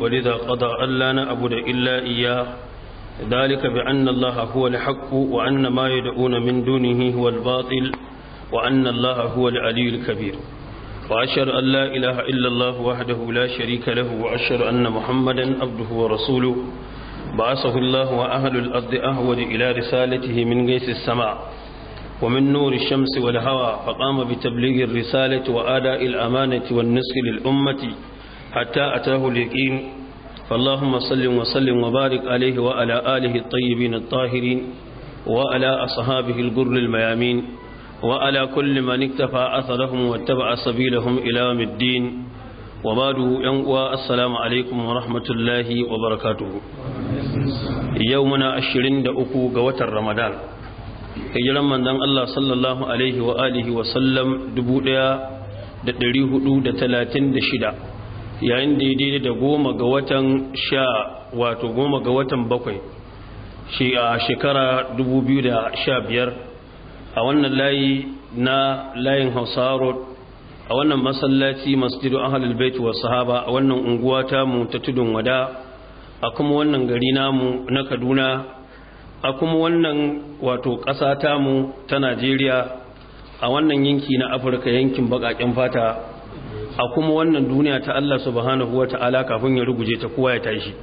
ولذا قضى ألا نعبد إلا إياه ذلك بأن الله هو الحق وأن ما يدعون من دونه هو الباطل وأن الله هو العلي الكبير وأشهد أن لا إله إلا الله وحده لا شريك له وأشهد أن محمدا عبده ورسوله بعثه الله وأهل الأرض أهود إلى رسالته من قيس السماء ومن نور الشمس والهوى فقام بتبليغ الرسالة وآداء الأمانة والنصح للأمة hatta atahu al-yaqin فاللهم صل وسلم وبارك عليه وعلى آله الطيبين الطاهرين وعلى أصحابه الجر الميامين وعلى كل من اكتفى أثرهم واتبع سبيلهم إلى الدين وبعد ينقوى السلام عليكم ورحمة الله وبركاته يومنا أشرين دأكو قوة الرمضان هجرا من دان الله صلى الله عليه وآله وسلم دبودا da 436 yayin da ya daidai da goma ga watan sha wato goma ga watan bakwai shi a shekara 2015 a wannan layi na layin hausa road a wannan masallaci masjidu ahalul baitu wa sahaba a wannan unguwa ta mu ta tudun wada a kuma wannan gari namu na kaduna a kuma wannan wato ƙasa mu ta najeriya a wannan yanki na afirka yankin baƙaƙen fata a kuma wannan duniya ta Allah subhanahu wa ta'ala kafin ya ruguje ta kowa ya tashi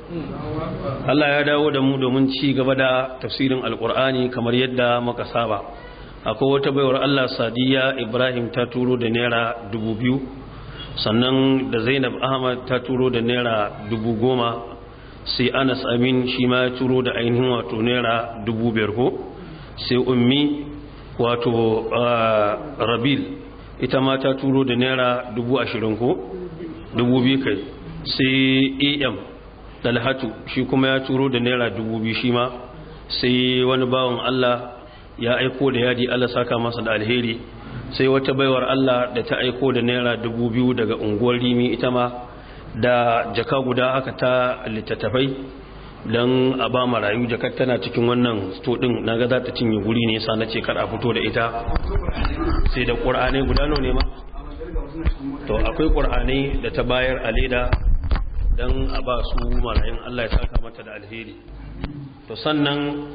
Allah ya dawo da mu domin ci gaba da tafsirin alkur'ani kamar yadda muka saba akwai wata baiwar Allah sadiya ibrahim ta turo da naira dubu biyu sannan da zainab ahmad ta turo da naira dubu goma sai anas amin shi ma ya turo da ainihin wato naira dubu biyar ko sai ummi wato ah, rabil ita ma ta turo da naira dubu ashirin ko dubu biyu kai sai am dalhatu shi kuma ya turo da naira dubu biyu shi ma sai wani bawan allah ya aiko da yadi allah saka masa da alheri sai wata baiwar allah da ta aiko da naira dubu biyu daga unguwar rimi ita ma da jaka guda haka ta littattafai don a ba marayu jakar tana cikin wannan stodin na ga za ta cinye guri ne sa na ce kar a fito da ita sai da ƙur'ani guda ne ma to akwai ƙur'anai da ta bayar a leda don a ba su marayun allah ya saka mata da alheri to sannan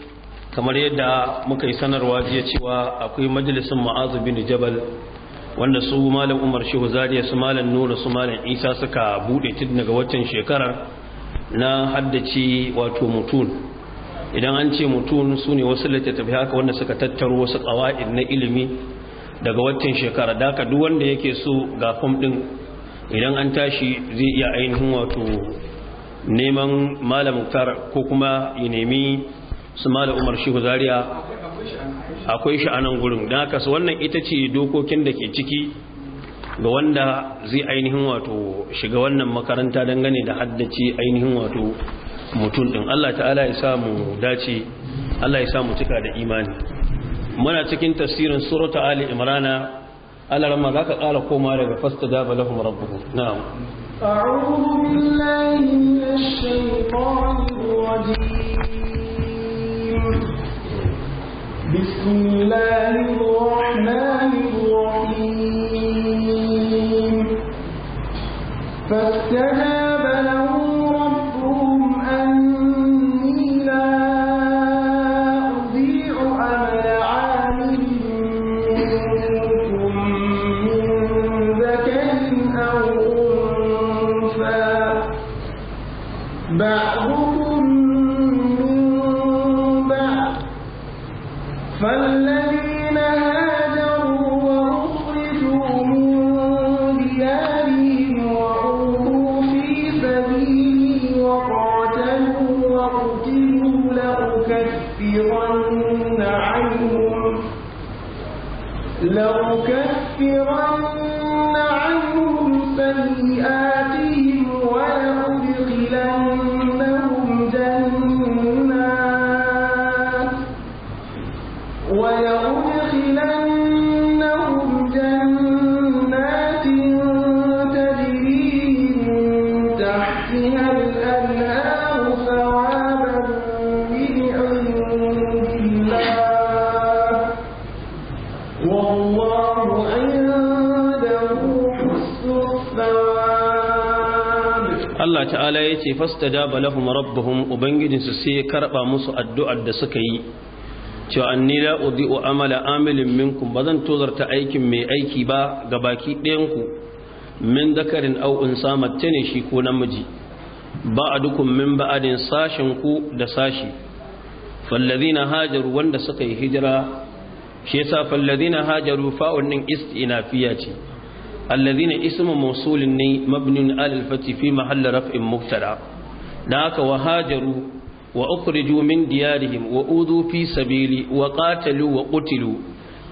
kamar yadda muka yi sanarwa jiya cewa akwai majalisun ma'azu bin jabal wanda su malam umar shehu zariya su malam nura su malam isa suka bude tun daga waccan shekarar na haddace wato mutun idan an ce mutun su ne wasu littattafai haka wanda suka tattaro wasu ƙawa'id na ilimi daga watan shekara daka duk wanda yake so ga fom ɗin idan an tashi zai iya ainihin wato neman malam tar ko kuma ya nemi su malam umar shehu zaria akwai shi a gurin don haka su wannan ita ce dokokin da ke ciki ga wanda zai ainihin wato shiga wannan makaranta dangane da haddace ainihin wato mutum ɗin, Allah ta'ala ya samu dace Allah ya samu cika da imani muna cikin tafsirin surata ali imrana Allah ramma zaka kara koma daga fastadaba lahum rabbuhum na'am a'udhu billahi minash shaitanir rajim bismillahir there ce fastajaba lahum rabbuhum ubangijinsu sai ya karba musu addu'ar da suka yi cewa anni la udi'u amala amilin minkum bazan tozarta aikin mai aiki ba ga baki ɗayan ku min dakarin aw unsa mace ne shi ko namiji ba dukun min ba'adin sashin ku da sashi fallazina hajaru wanda suka yi hijira shi yasa fallazina hajaru fa'un din istinafiya ce الذين اسم موصول ني مبني على الفتح في محل رفع مبتدا ناك وهاجروا وأخرجوا من ديارهم وأوذوا في سبيلي وقاتلوا وقتلوا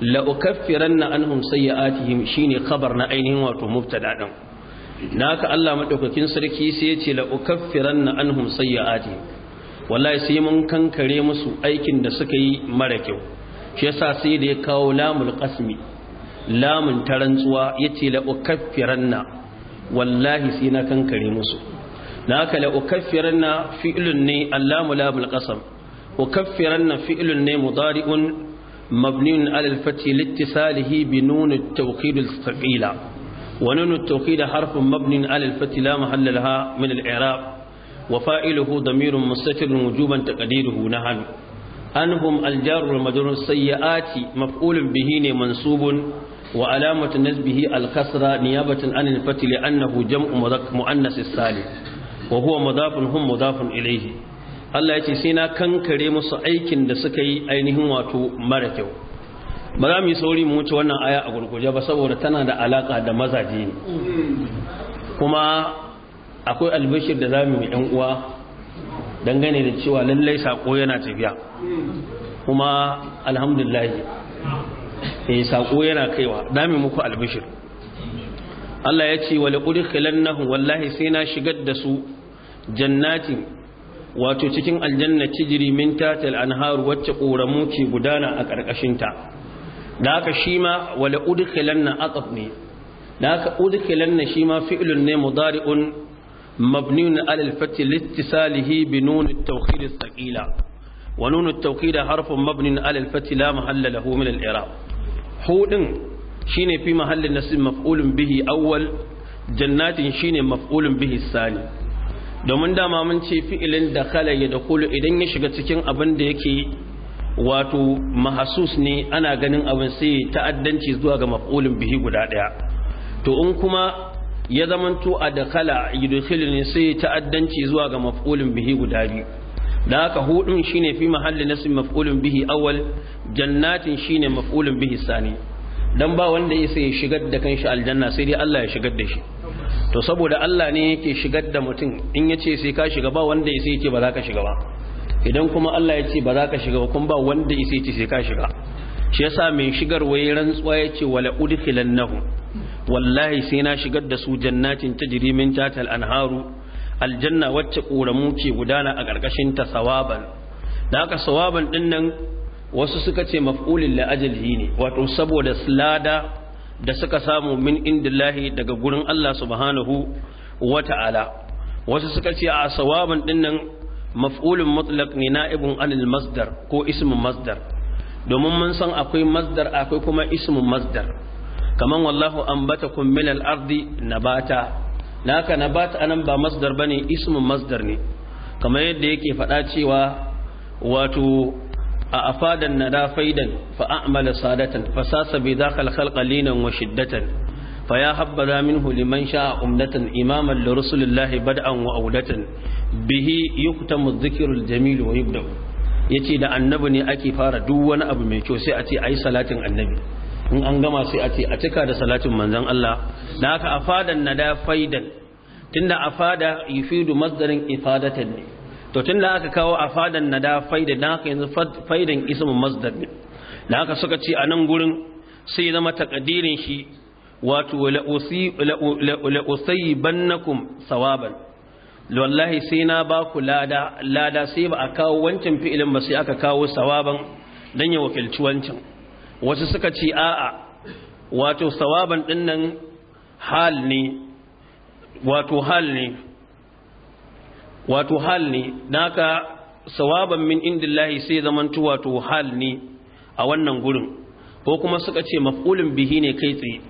لأكفرن عنهم سيئاتهم شيني خبرنا أينهم واتو مبتدا ناك الله مدوكين سركي سيتي لأكفرن عنهم سيئاتهم wallahi sai mun kankare musu aikin da suka yi mara kyau shi yasa sai da ya kawo lamul qasmi lamun ta rantsuwa yace la ukaffiranna wallahi sai na kankare musu na haka la ukaffiranna fi'lun ne allamu lamul qasam ukaffiranna fi'lun ne mudari'un mabniun ala al-fathi liittisalihi bi nun at al-thaqila wa nun at harfun mabniun ala la mahalla min al-i'rab wa fa'iluhu damirun mustatirun wujuban taqdiruhu nahanu anhum al-jarru wal majrur sayyi'ati maf'ulun bihi ne mansubun وعلامة نسبه الكسرة نيابة عن الفتح لأنه جمع مؤنث السالم وهو مضاف هم مضاف إليه Allah ya ce sai na kankare musu aikin da suka yi ainihin wato mara kyau ba za mu yi sauri mu wuce wannan aya a gurguje ba saboda tana da alaka da mazaje ne kuma akwai albishir da za mu yi yan uwa dangane da cewa lallai sako yana tafiya kuma alhamdulillah eh sako yana kaiwa dami muku albishir Allah ya ce wal udkhilannahum wallahi sai na shigar da su jannati, wato cikin aljanna tijri min tatil anhar wacce ƙoramu ke gudana a ƙarƙashinta. da haka shi ma wal udkhilanna ataf ne da haka udkhilanna shi ma fi'lun ne mudari'un mabniun ala al-fath liittisalihi bi nun at-tawkid ath-thaqila wa nun at-tawkid harfun mabniun alal fati la mahalla lahu min al-i'rab hudun shine fi mahallin nasib maf'ulun bihi awwal jannatin shine maf'ulun bihi sani domin dama mun ce fi'ilin da khala ya dakulu idan ya shiga cikin abin da yake wato mahasus ne ana ganin abin sai ta'addanci zuwa ga maf'ulun bihi guda daya to in kuma ya zamanto a dakala yudkhilu ne sai ta'addanci zuwa ga maf'ulun bihi guda biyu da haka hudun shine fi mahalli nasin maf'ulun bihi awwal jannatin shine maf'ulun bihi sani dan ba wanda yasa ya shigar da kanshi aljanna sai dai Allah ya shigar da shi to saboda Allah ne yake shigar da mutum in yace sai ka shiga ba wanda yasa yake ba za ka shiga ba idan kuma Allah ya ce ba za ka shiga ba kuma ba wanda yasa yace sai ka shiga shi yasa mai shigar waye rantsuwa yace wala udkhilannahu wallahi sai na shigar da su jannatin tajri min tatal anharu aljanna wacce ƙoramu ke gudana a ƙarƙashin ta sawaban da haka sawaban ɗin nan wasu suka ce maf'ulin la'ajalihi ne wato saboda lada da suka samu min indillahi daga gurin Allah subhanahu wa ta'ala wasu suka ce a sawaban ɗin nan maf'ulin mutlaq ne na'ibin anil masdar ko ismin masdar domin mun san akwai masdar akwai kuma ismin masdar kaman wallahu ambatakum minal ardi nabata naka na bat anan ba masdar bane ismun masdar ne kamar yadda yake faɗa cewa wato a afadan nada faidan fa a'mala sadatan fa sasa bi dhakal khalqa wa shiddatan fa ya habbaza minhu liman sha'a umnatan, imaman li rasulillahi bad'an wa awdatan bihi yuktamu dhikrul jamil wa yubda yace da annabi ne ake fara duk wani abu mai kyau sai a ce ayi salatin annabi in an gama sai a ce a cika da salatin manzon Allah da haka afadan nada faidan tunda afada yufidu masdarin ifadatan ne to tunda aka kawo afadan nada faidan na haka yanzu faidan ismu masdar ne da haka suka ce a nan gurin sai zama takadirin shi wato bannakum sawaban wallahi sai na ba ku lada lada sai ba a kawo wancan fi'ilin ba sai aka kawo sawaban dan ya wakilci wancan wasu suka ce a'a wato sawaban dinnan hal ne wato hal ne wato hal ne naka sawaban min indillahi sai tu wato hal ne a wannan gurin ko kuma suka ce maf'ulun bihi ne kai tsaye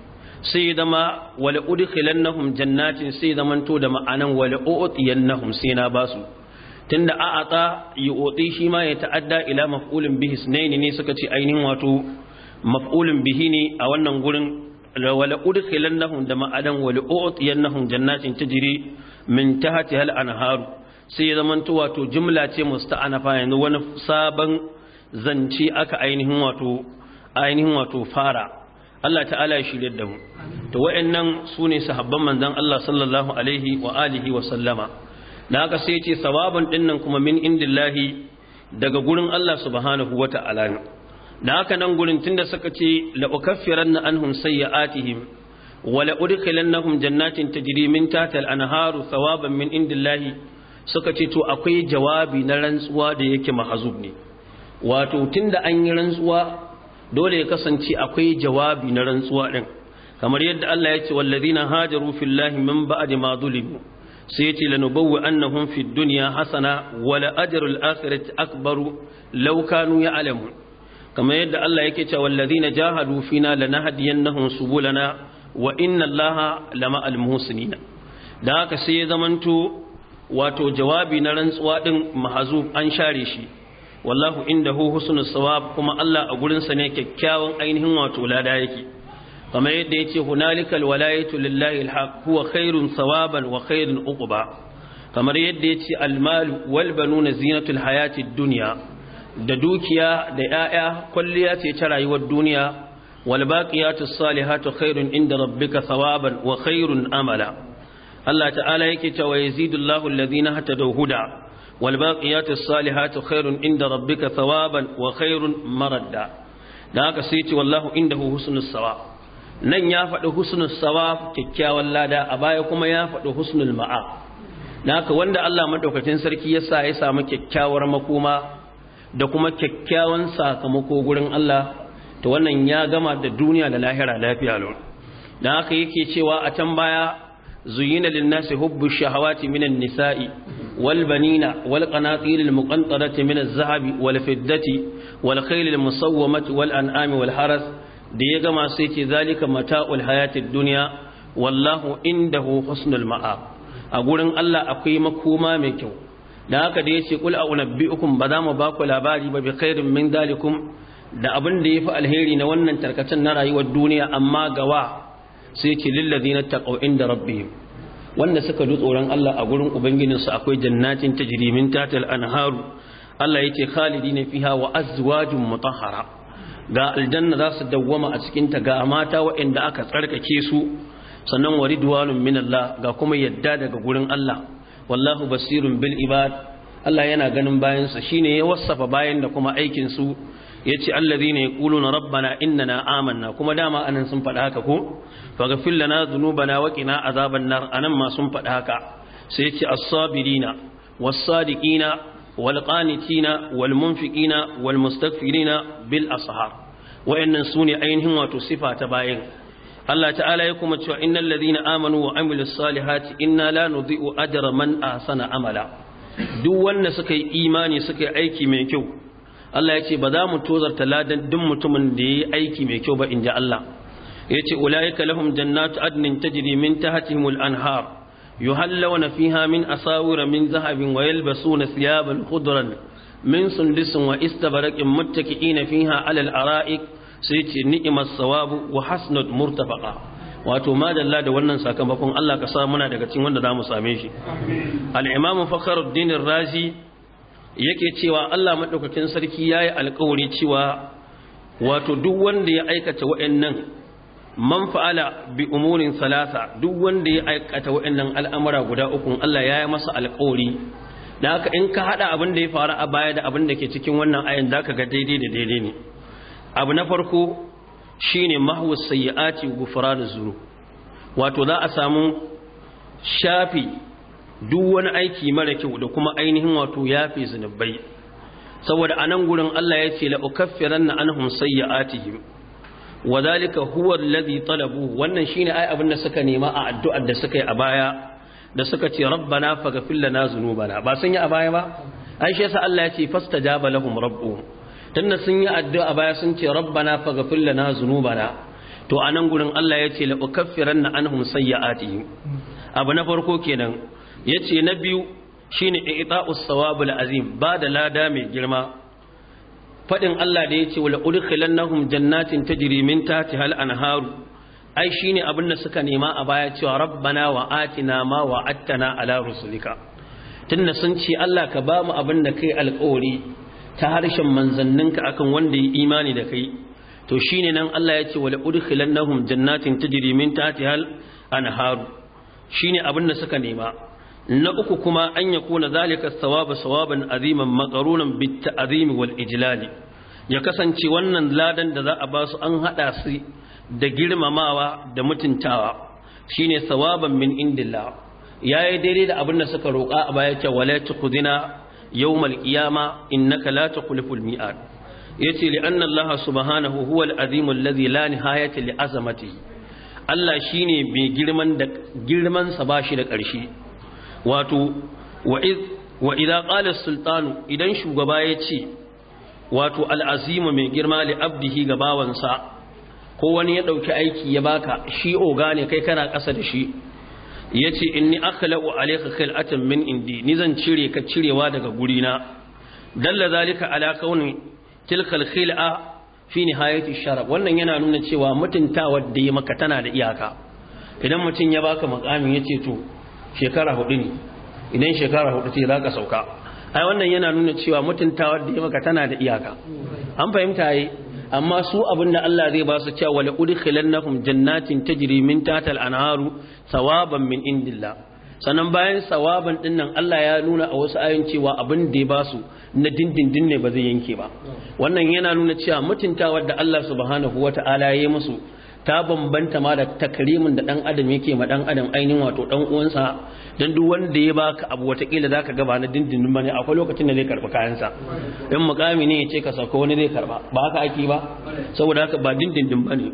sai zama wala udkhilannahum jannatin sai zamanto da ma'anan wala u'tiyannahum sai na basu tunda a'ata yu'ti shi ma ya ta'adda ila maf'ulun bihi sunaini ne suka ce ainihin wato maf'ulun bihi ne a wannan gurin wala udkhilannahum da ma'adan wala u'tiyannahum jannatin tajri min tahtiha al-anhar sai ya zamanto wato jumla ce musta'anafa yanzu wani sabon zance aka ainihin wato ainihin wato fara Allah ta'ala ya shirye da mu to wayannan sune sahabban manzon Allah sallallahu alaihi wa alihi wa sallama dan haka sai yace sawaban dinnan kuma min indillahi daga gurin Allah subhanahu wata'ala da haka nan gurin tunda suka ce la ukaffiranna anhum sayyi'atihim wa la udkhilannahum jannatin tajri min tahtiha anharu thawaban min indillahi suka ce to akwai jawabi na rantsuwa da yake mahazub ne wato tunda an yi rantsuwa dole ya kasance akwai jawabi na rantsuwa din kamar yadda Allah ya ce wallazina hajaru fillahi min ba'di ma zulimu sai yace lanubawwi annahum fid dunya hasana wala la ajrul akhirati akbaru law kanu ya'lamun kamar yadda Allah yake cewa wallazina jahadu fina lanahdiyannahum subulana wa inna Allaha lama almuhsinina da haka sai ya zamanto wato jawabi na rantsuwa din mahazub an share shi wallahu indahu husnul sawab kuma Allah a gurin sa ne kyakkyawan ainihin wato lada yake kamar yadda yace hunalikal walayatu lillahi alhaq huwa khairun sawaban wa khairun uquba kamar yadda yace almalu wal banuna zinatul hayatid dunya da dukiya da 'ya'ya kwalliya ce ta rayuwar duniya wal baqiyatus salihatu khairun inda rabbika thawaban wa khairun amala Allah ta'ala yake cewa yazidullahu hata da huda wal baqiyatus salihatu khairun inda rabbika thawaban wa khairun maradda da haka sai ce wallahu inda hu husnus sawa nan ya faɗi husnus sawa kyakkyawan lada a baya kuma ya faɗi husnul ma'a da aka wanda Allah madaukakin sarki ya sa ya samu kyakkyawar makoma da kuma kyakkyawan sakamako gurin Allah ta wannan ya gama da duniya da lahira lafiya lo dan haka yake cewa a can baya zuyina lin-nasi hubbu shahawati minan nisa'i wal banina wal qanatir al-muqantarati min az-zahabi wal fiddati wal khayl al-musawwamati wal an'ami wal haras da ya gama sai ce zalika mata'ul hayatid dunya wallahu indahu husnul ma'ab a gurin Allah akwai makoma mai kyau da haka da yace qul a'unabbi'ukum ba za mu ba ku labari ba bi khairin min dalikum da abin da ya fi alheri na wannan tarkacen na rayuwar duniya amma gawa sai ce lil ladina taqaw inda rabbihim wanda suka ji tsoron Allah a gurin ubangijinsu akwai jannatin tajri min tatal anharu Allah ya ce khalidi khalidina fiha wa azwajun mutahhara ga aljanna za su dawwama a cikin ta ga mata waɗanda aka tsarkake su sannan wa minallah ga kuma yadda daga gurin Allah wallahu basirun bil ibad Allah yana ganin bayansa shine ya wassafa bayan da kuma aikin su yace allazina yaquluna rabbana innana amanna kuma dama anan sun faɗi haka ko faghfir lana dhunubana wa qina azaban nar anan ma sun faɗi haka sai yace as-sabirina was-sadiqina wal-qanitina wal-munfiqina wal-mustaghfirina bil ashar wa'annan sune ainihin wato sifa ta bayin. Allah ta'ala ya kuma cewa innal ladhina amanu wa amilus salihati inna la nudhi'u ajra man ahsana amala duk wanda suka yi imani suka yi aiki mai kyau Allah ya ce ba za mu tozarta ladan duk mutumin da ya yi aiki mai kyau ba inji Allah ya ce ulaika lahum jannatu adnin tajri min tahtihimul anhar yuhallawna fiha min asawira min zahabin wa yalbasuna thiyaban khudran min sundusin wa istabaraqin muttaki'ina fiha alal ara'ik sai ce ni'imar sawabu wa hasnat murtafaqa wato madalla da wannan sakamakon Allah ka sa muna daga cikin wanda zamu same shi al-imamu fakhruddin razi yake cewa Allah madaukakin sarki yayi alƙawari cewa wato duk wanda ya aikata wa'annan man fa'ala bi umurin salasa duk wanda ya aikata wa'annan al'amura guda uku Allah yayi masa alƙawari da haka in ka hada abin da ya faru a baya da abin da ke cikin wannan ayin zaka ga daidai da daidai ne abu na farko shine mahwa sayyi'ati da zuru wato za a samu shafi duk wani aiki mara kyau da kuma ainihin wato fi zunubai saboda anan gurin Allah ya ce la ukaffiranna anhum yi. wa zalika Huwar alladhi talabu wannan ne ai abin da suka nema a addu'ar da suka yi a baya da suka ce rabbana faghfir lana zunubana. ba sun yi a baya ba ai shi yasa Allah ya ce jaba lahum rabbuhum tunda sun yi addu'a baya sun ce rabbana faghfir lana dhunubana to anan gurin Allah ya ce la ukaffiranna anhum sayyi'atihim abu na farko kenan yace na biyu shine i'ta'us sawabul azim ba da lada mai girma fadin Allah da yace wala udkhilannahum jannatin tajri min tahtiha al-anharu ai shine abin da suka nema a baya cewa rabbana wa atina ma wa attana ala rusulika tunda sun ce Allah ka ba mu abin da kai alƙawari ta harshen manzanninka akan wanda ya imani da kai to shine nan Allah ya ce wala udkhilannahum jannatin tajri min tahtiha al-anhar shine abin da suka nema na uku kuma an kuna zalika thawaba sawaban aziman maqarunan bit ta'zim wal ijlal ya kasance wannan ladan da za a ba su an hada su da girmamawa da mutuntawa shine sawaban min indillah yayi daidai da abin da suka roƙa a baya ce wala tuqdina yawmal qiyama innaka la tukhliful mi'ad yace li anna Allah subhanahu huwal azim alladhi la nihayata li azamatihi Allah shine mai girman da girman bashi da ƙarshe wato wa iz wa idza idan shugaba ya ce? wato al'azimu mai girma li abdihi ga bawansa ko wani ya ɗauki aiki ya baka shi oga ne kai kana ƙasa da shi ya ce in inni akhla'u alayka khil'atan min indi ni zan cire ka cirewa daga gurina dalla zalika ala kauni tilkal khil'a fi nihayati sharaf wannan yana nuna cewa mutuntawa da yi maka tana da iyaka idan mutum ya baka makamin ya ce to shekara hudu ne idan shekara hudu ce za ka sauka ai wannan yana nuna cewa mutuntawa da yi maka tana da iyaka an fahimta yi amma su abin da Allah zai ba su cewa wala udkhilannahum jannatin tajri min tahtiha al-anharu sawaban min indillah sannan bayan sawaban din nan Allah ya nuna a wasu ayoyin cewa abin da ya ba su na dindindin ne ba zai yanke ba wannan yana nuna cewa mutuntawar da Allah subhanahu wata'ala ya yi musu ta bambanta ma da takrimin da dan adam yake ma dan adam ainihin wato dan uwansa dan duk wanda ya baka abu wata kila zaka ga ba na dindindin bane akwai lokacin da zai karba kayansa dan mukami ne yace ka sako wani zai karba ba haka ake ba saboda haka ba dindindin bane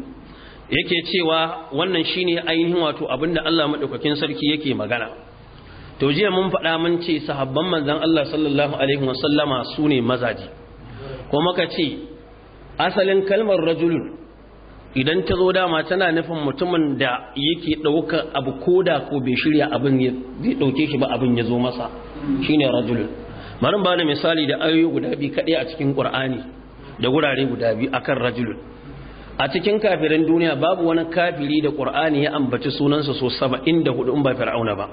yake cewa wannan shine ainihin wato abinda Allah madaukakin sarki yake magana to jiya mun faɗa mun ce sahabban manzon Allah sallallahu alaihi wasallama sune mazaji Kuma muka ce asalin kalmar rajulun idan ta zo dama tana nufin mutumin da yake dauka abu ko da ko bai shirya abin ya ɗauke shi ba abin ya zo masa shine rajul marin ba misali da ayoyi guda biyu kaɗai a cikin ƙur'ani da wurare guda biyu akan rajul a cikin kafirin duniya babu wani kafiri da ƙur'ani ya ambaci sunansa so saba'in da hudu in ba fir'auna ba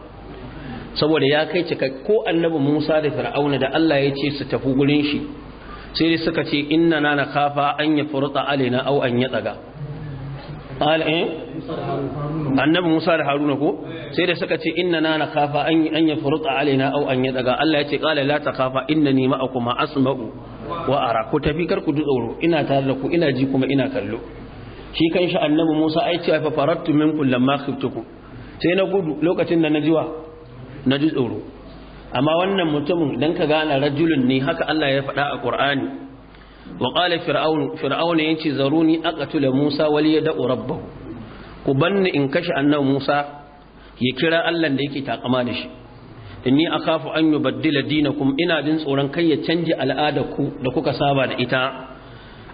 saboda ya kai cika ko annabi musa da fir'auna da allah ya ce su tafi gurin shi sai suka ce inna na na kafa an ya furta alina au an ya tsaga annabi Musa da Haruna ko sai da suka ce inna na kafa an ya furuta alaina au an ya daga Allah ya ce qala la takhafa a kuma asma'u wa ara ku tafi kar ku tsoro ina tare da ku ina ji kuma ina kallo shi kan shi annabi Musa ai ce fa farattu kullam lamma khiftukum sai na gudu lokacin da na jiwa na ji tsoro amma wannan mutumin dan ka gane rajulun ne haka Allah ya faɗa a Qur'ani wa qala fir'aun fir'aun yace zaruni aqtula musa wali yad'u rabbahu ku banni in kashe annabi musa ya kira Allah da yake takama da shi inni akhafu an dina ku. ina jin tsoron kai ya canje ku da kuka saba da ita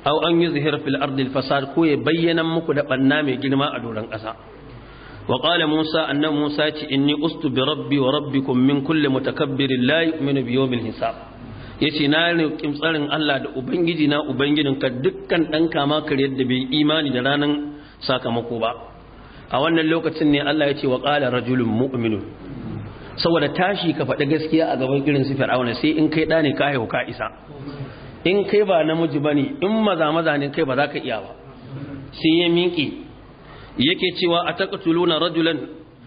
aw an yuzhira fil ardi al ko ya bayyana muku da banna mai girma a doron ƙasa wa musa annabi musa ce inni ustu bi rabbi wa rabbikum min kulli mutakabbirin la yu'minu bi yawmil hisab ya ce na roƙi tsarin Allah da ubangiji na ka dukkan ɗan kama kar yadda bai imani da ranar sakamako ba a wannan lokacin ne Allah ya ce wa ƙala rajulun mu'minu saboda tashi ka faɗi gaskiya a gaban irin su auna sai in kai ɗa ne ka haihu ka isa in kai ba namiji ba ne in maza maza ne kai ba za ka iya ba sai ya miƙe yake cewa a taqtuluna rajulan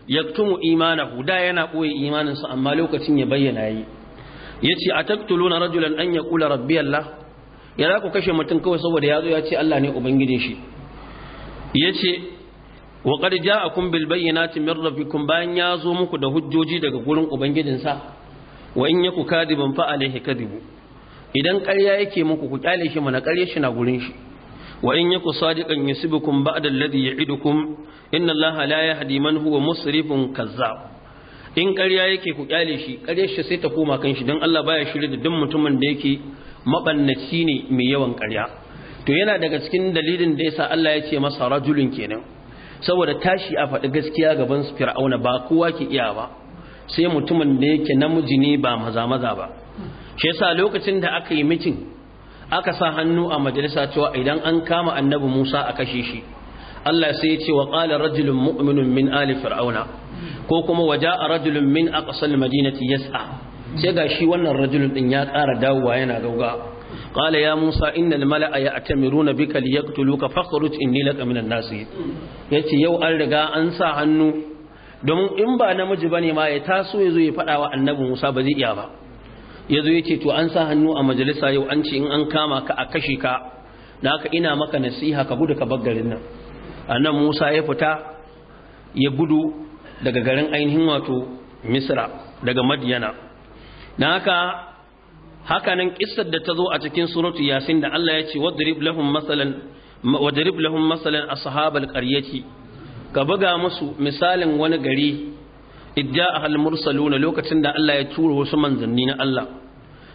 yaktumu imanahu da yana ɓoye imaninsa amma lokacin ya bayyana yi Ya ce yace na rajulan an kula rabbi allah za ku kashe mutum kawai saboda ya zo ya ce Allah ne ubangijin shi ce wa qad ja'akum bil bayyinati min rabbikum bayan ya zo muku da hujjoji daga gurin ubangijin sa wa in yaku kadiban fa alayhi kadibu idan ƙarya yake muku ku kyale shi mana ƙarya shi na gurin shi wa in yaku sadiqan yusibukum ba'da alladhi ya'idukum inna allaha la yahdi man huwa musrifun kazzab in ƙarya yake ku ƙyale shi ƙaryar shi sai ta koma kan shi don Allah baya shirya da duk mutumin da yake mabannaci ne mai yawan ƙarya to yana daga cikin dalilin da yasa Allah ya ce masa rajulun kenan saboda tashi a faɗi gaskiya gaban fir'auna ba kowa ke iya ba sai mutumin da yake namiji ne ba maza maza ba shi yasa lokacin da aka yi mitin aka sa hannu a majalisa cewa idan an kama annabi Musa a kashe shi Allah sai ya ce wa qala rajulun mu'minun min ali fir'auna ko kuma a rajulun min aqsal madinati yas'a sai ga shi wannan rajulun ɗin ya ƙara dawowa yana gauga ƙala ya musa innal mala'a ya'tamiruna bika liyaqtuluka fakhruj inni laka minan Ya yace yau an riga an sa hannu domin in ba namiji bane ma ya taso yazo ya faɗa wa annabi musa ba zai iya ba yazo yace to an sa hannu a majalisa yau an ce in an kama ka a kashe ka Na ka ina maka nasiha ka gudu ka baggarin garin nan A nan Musa ya fita ya gudu daga garin ainihin wato Misra daga Madiyana Na haka hakanan kissar da ta zo a cikin suratu Yasin da Allah ya ce wadarib lahum masalan a sahabar karyaki ashabal ka buga musu misalin wani gari idda ahal mursaluna lokacin da Allah ya tura wasu manzanni na Allah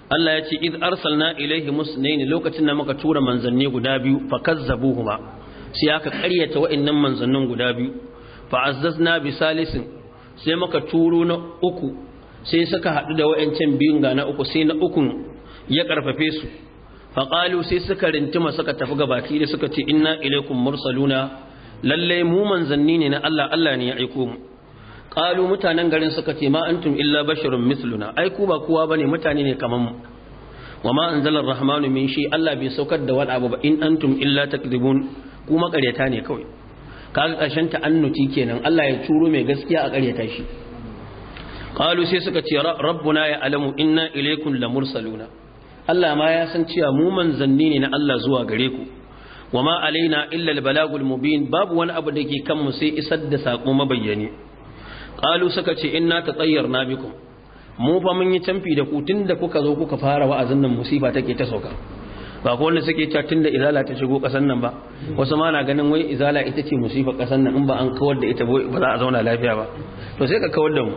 Allah ya ce id arsalna ne ne lokacin da muka tura manzanni guda biyu fakazzabuhuma sai aka karyata wa'annan manzannin guda biyu fa azzazna bi salisin sai muka turo na uku sai suka haɗu da wa'ancan biyun ga na uku sai na ukun ya karfafe su fa qalu sai suka rintima suka tafi baki da suka ce inna ilaikum mursaluna lalle mu manzanni ne na Allah Allah ne ya aiko mu qalu mutanen garin suka ce ma antum illa basharun misluna ai ku ba kowa bane mutane ne kaman mu وما أنزل الرحمن من شيء ألا بيسوكد ولا أبو إن أنتم إلا تكذبون ku makaryata ne kawai kaga ƙarshen annuti kenan Allah ya turo mai gaskiya a karyata shi qalu sai suka ce rabbuna ya alamu inna ilaykum lamursaluna Allah ma ya san cewa mu manzanni ne na Allah zuwa gare ku wama alaina illa albalagul mubin babu wani abu da ke mu sai isar da sako mabayyani qalu suka ce inna tatayyarna bikum mu fa mun yi canfi da ku tunda kuka zo kuka fara wa'azin nan musifa take ta sauka ba ko wanda suke cewa tunda izala ta shigo kasan nan ba wasu ma na ganin wai izala ita ce musifa kasan nan in ba an kawar da ita ba za a zauna lafiya ba to sai ka kawar da mu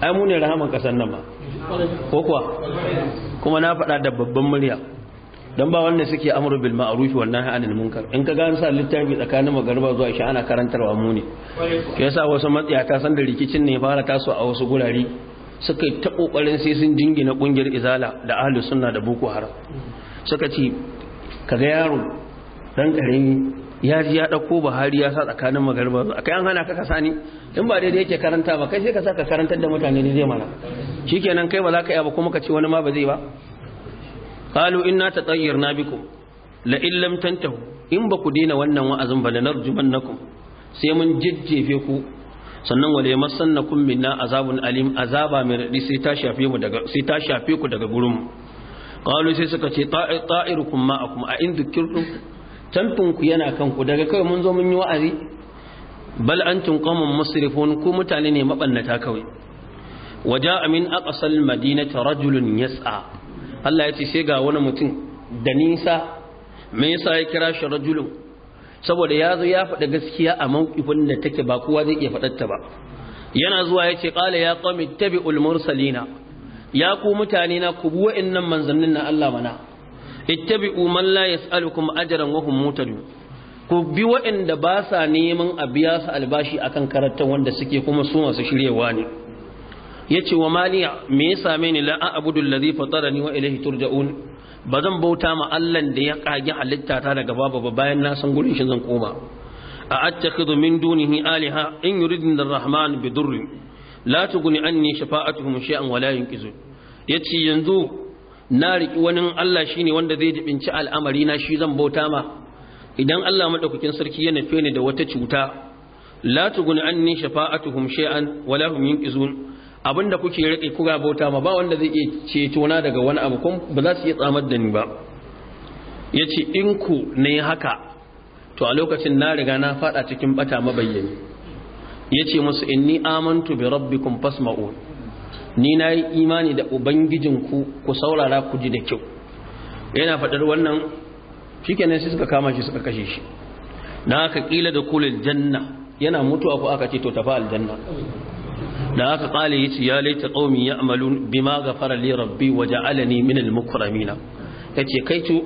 ai mu ne rahaman kasan nan ba ko kuwa kuma na faɗa da babban murya dan ba wanda suke amru bil ma'ruf wa nahy anil munkar in ka ga an sa littafi tsakanin magariba zuwa shi ana karantarwa mu ne yasa wasu ta san da rikicin ne fara taso a wasu gurare suka yi ta ƙoƙarin sai sun jingina ƙungiyar izala da ahalus suna da buku haram suka ce ga yaro dan Ƙarami ya ji ya ɗauko buhari ya sa tsakanin magarba A kayan hana ka kasa ni in ba daidai yake karanta ba kai sai ka ka karantar da mutane ne zai mana shikenan kai ba za ka yi ba kuma ka ce wani ma ba zai ba in ta tsayar na biku la illam tantahu in ba ku daina wannan wa'azin ba da na ku sai mun jajjefe ku sannan wale kun minna azabun alim azaba mai radi sai ta shafe daga sai ta shafe ku daga gurin sai suka ce ta'irukum ma'akum a in dhikirtum tamfin ku yana kanku daga kai mun zo mun yi wa'azi bal antum qawmun musrifun ku mutane ne mabannata kawai waja amin aqsal madinati rajulun yas'a Allah ya ce sai ga wani mutum da nisa me yasa ya kira shi rajulun saboda ya zo ya faɗa gaskiya a mawqifin da take ba kowa zai iya faɗatta ba yana zuwa yace qala ya qami tabi'ul mursalina ya ku mutane na ku bi wa'annan manzannin na Allah mana ittabi'u man la kuma ajaran wa hum mutadun ku bi wa'anda ba sa neman a biya su albashi akan karatun wanda suke kuma su masu shiryewa ne yace wa maliya me ya same ni laa a'budu alladhi fatarani wa ilayhi turja'un ba zan bauta ma Allah da ya kage halitta ta daga babu ba bayan na san gurin shi zan koma a attakhidhu min dunihi aliha in yuridni ar-rahman bi durri la tughni anni shafa'atuhum shay'an wa la yunqizun yace yanzu na riki wani Allah shine wanda zai jibinci al'amari na shi zan bauta ma idan Allah madaukakin sarki ya nufe ni da wata cuta la tughni anni shafa'atuhum shay'an wa la hum yunqizun abinda kuke rike kuga bauta ma ba wanda zai iya ceto na daga wani abu kun ba za su iya tsamar da ni ba yace in ku ne haka to a lokacin na riga na fada cikin bata mabayyani yace musu inni amantu bi rabbikum fasma'u ni na yi imani da ubangijin ku saurara ku ji da kyau yana faɗar wannan shikenan sai suka kama shi suka kashe shi na haka kila da kulil janna yana mutuwa ko aka ce to tafi aljanna da haka kale ce ya laita ya amalu bima gafara li rabbi wa ja'alani min al-mukramina yace kai tu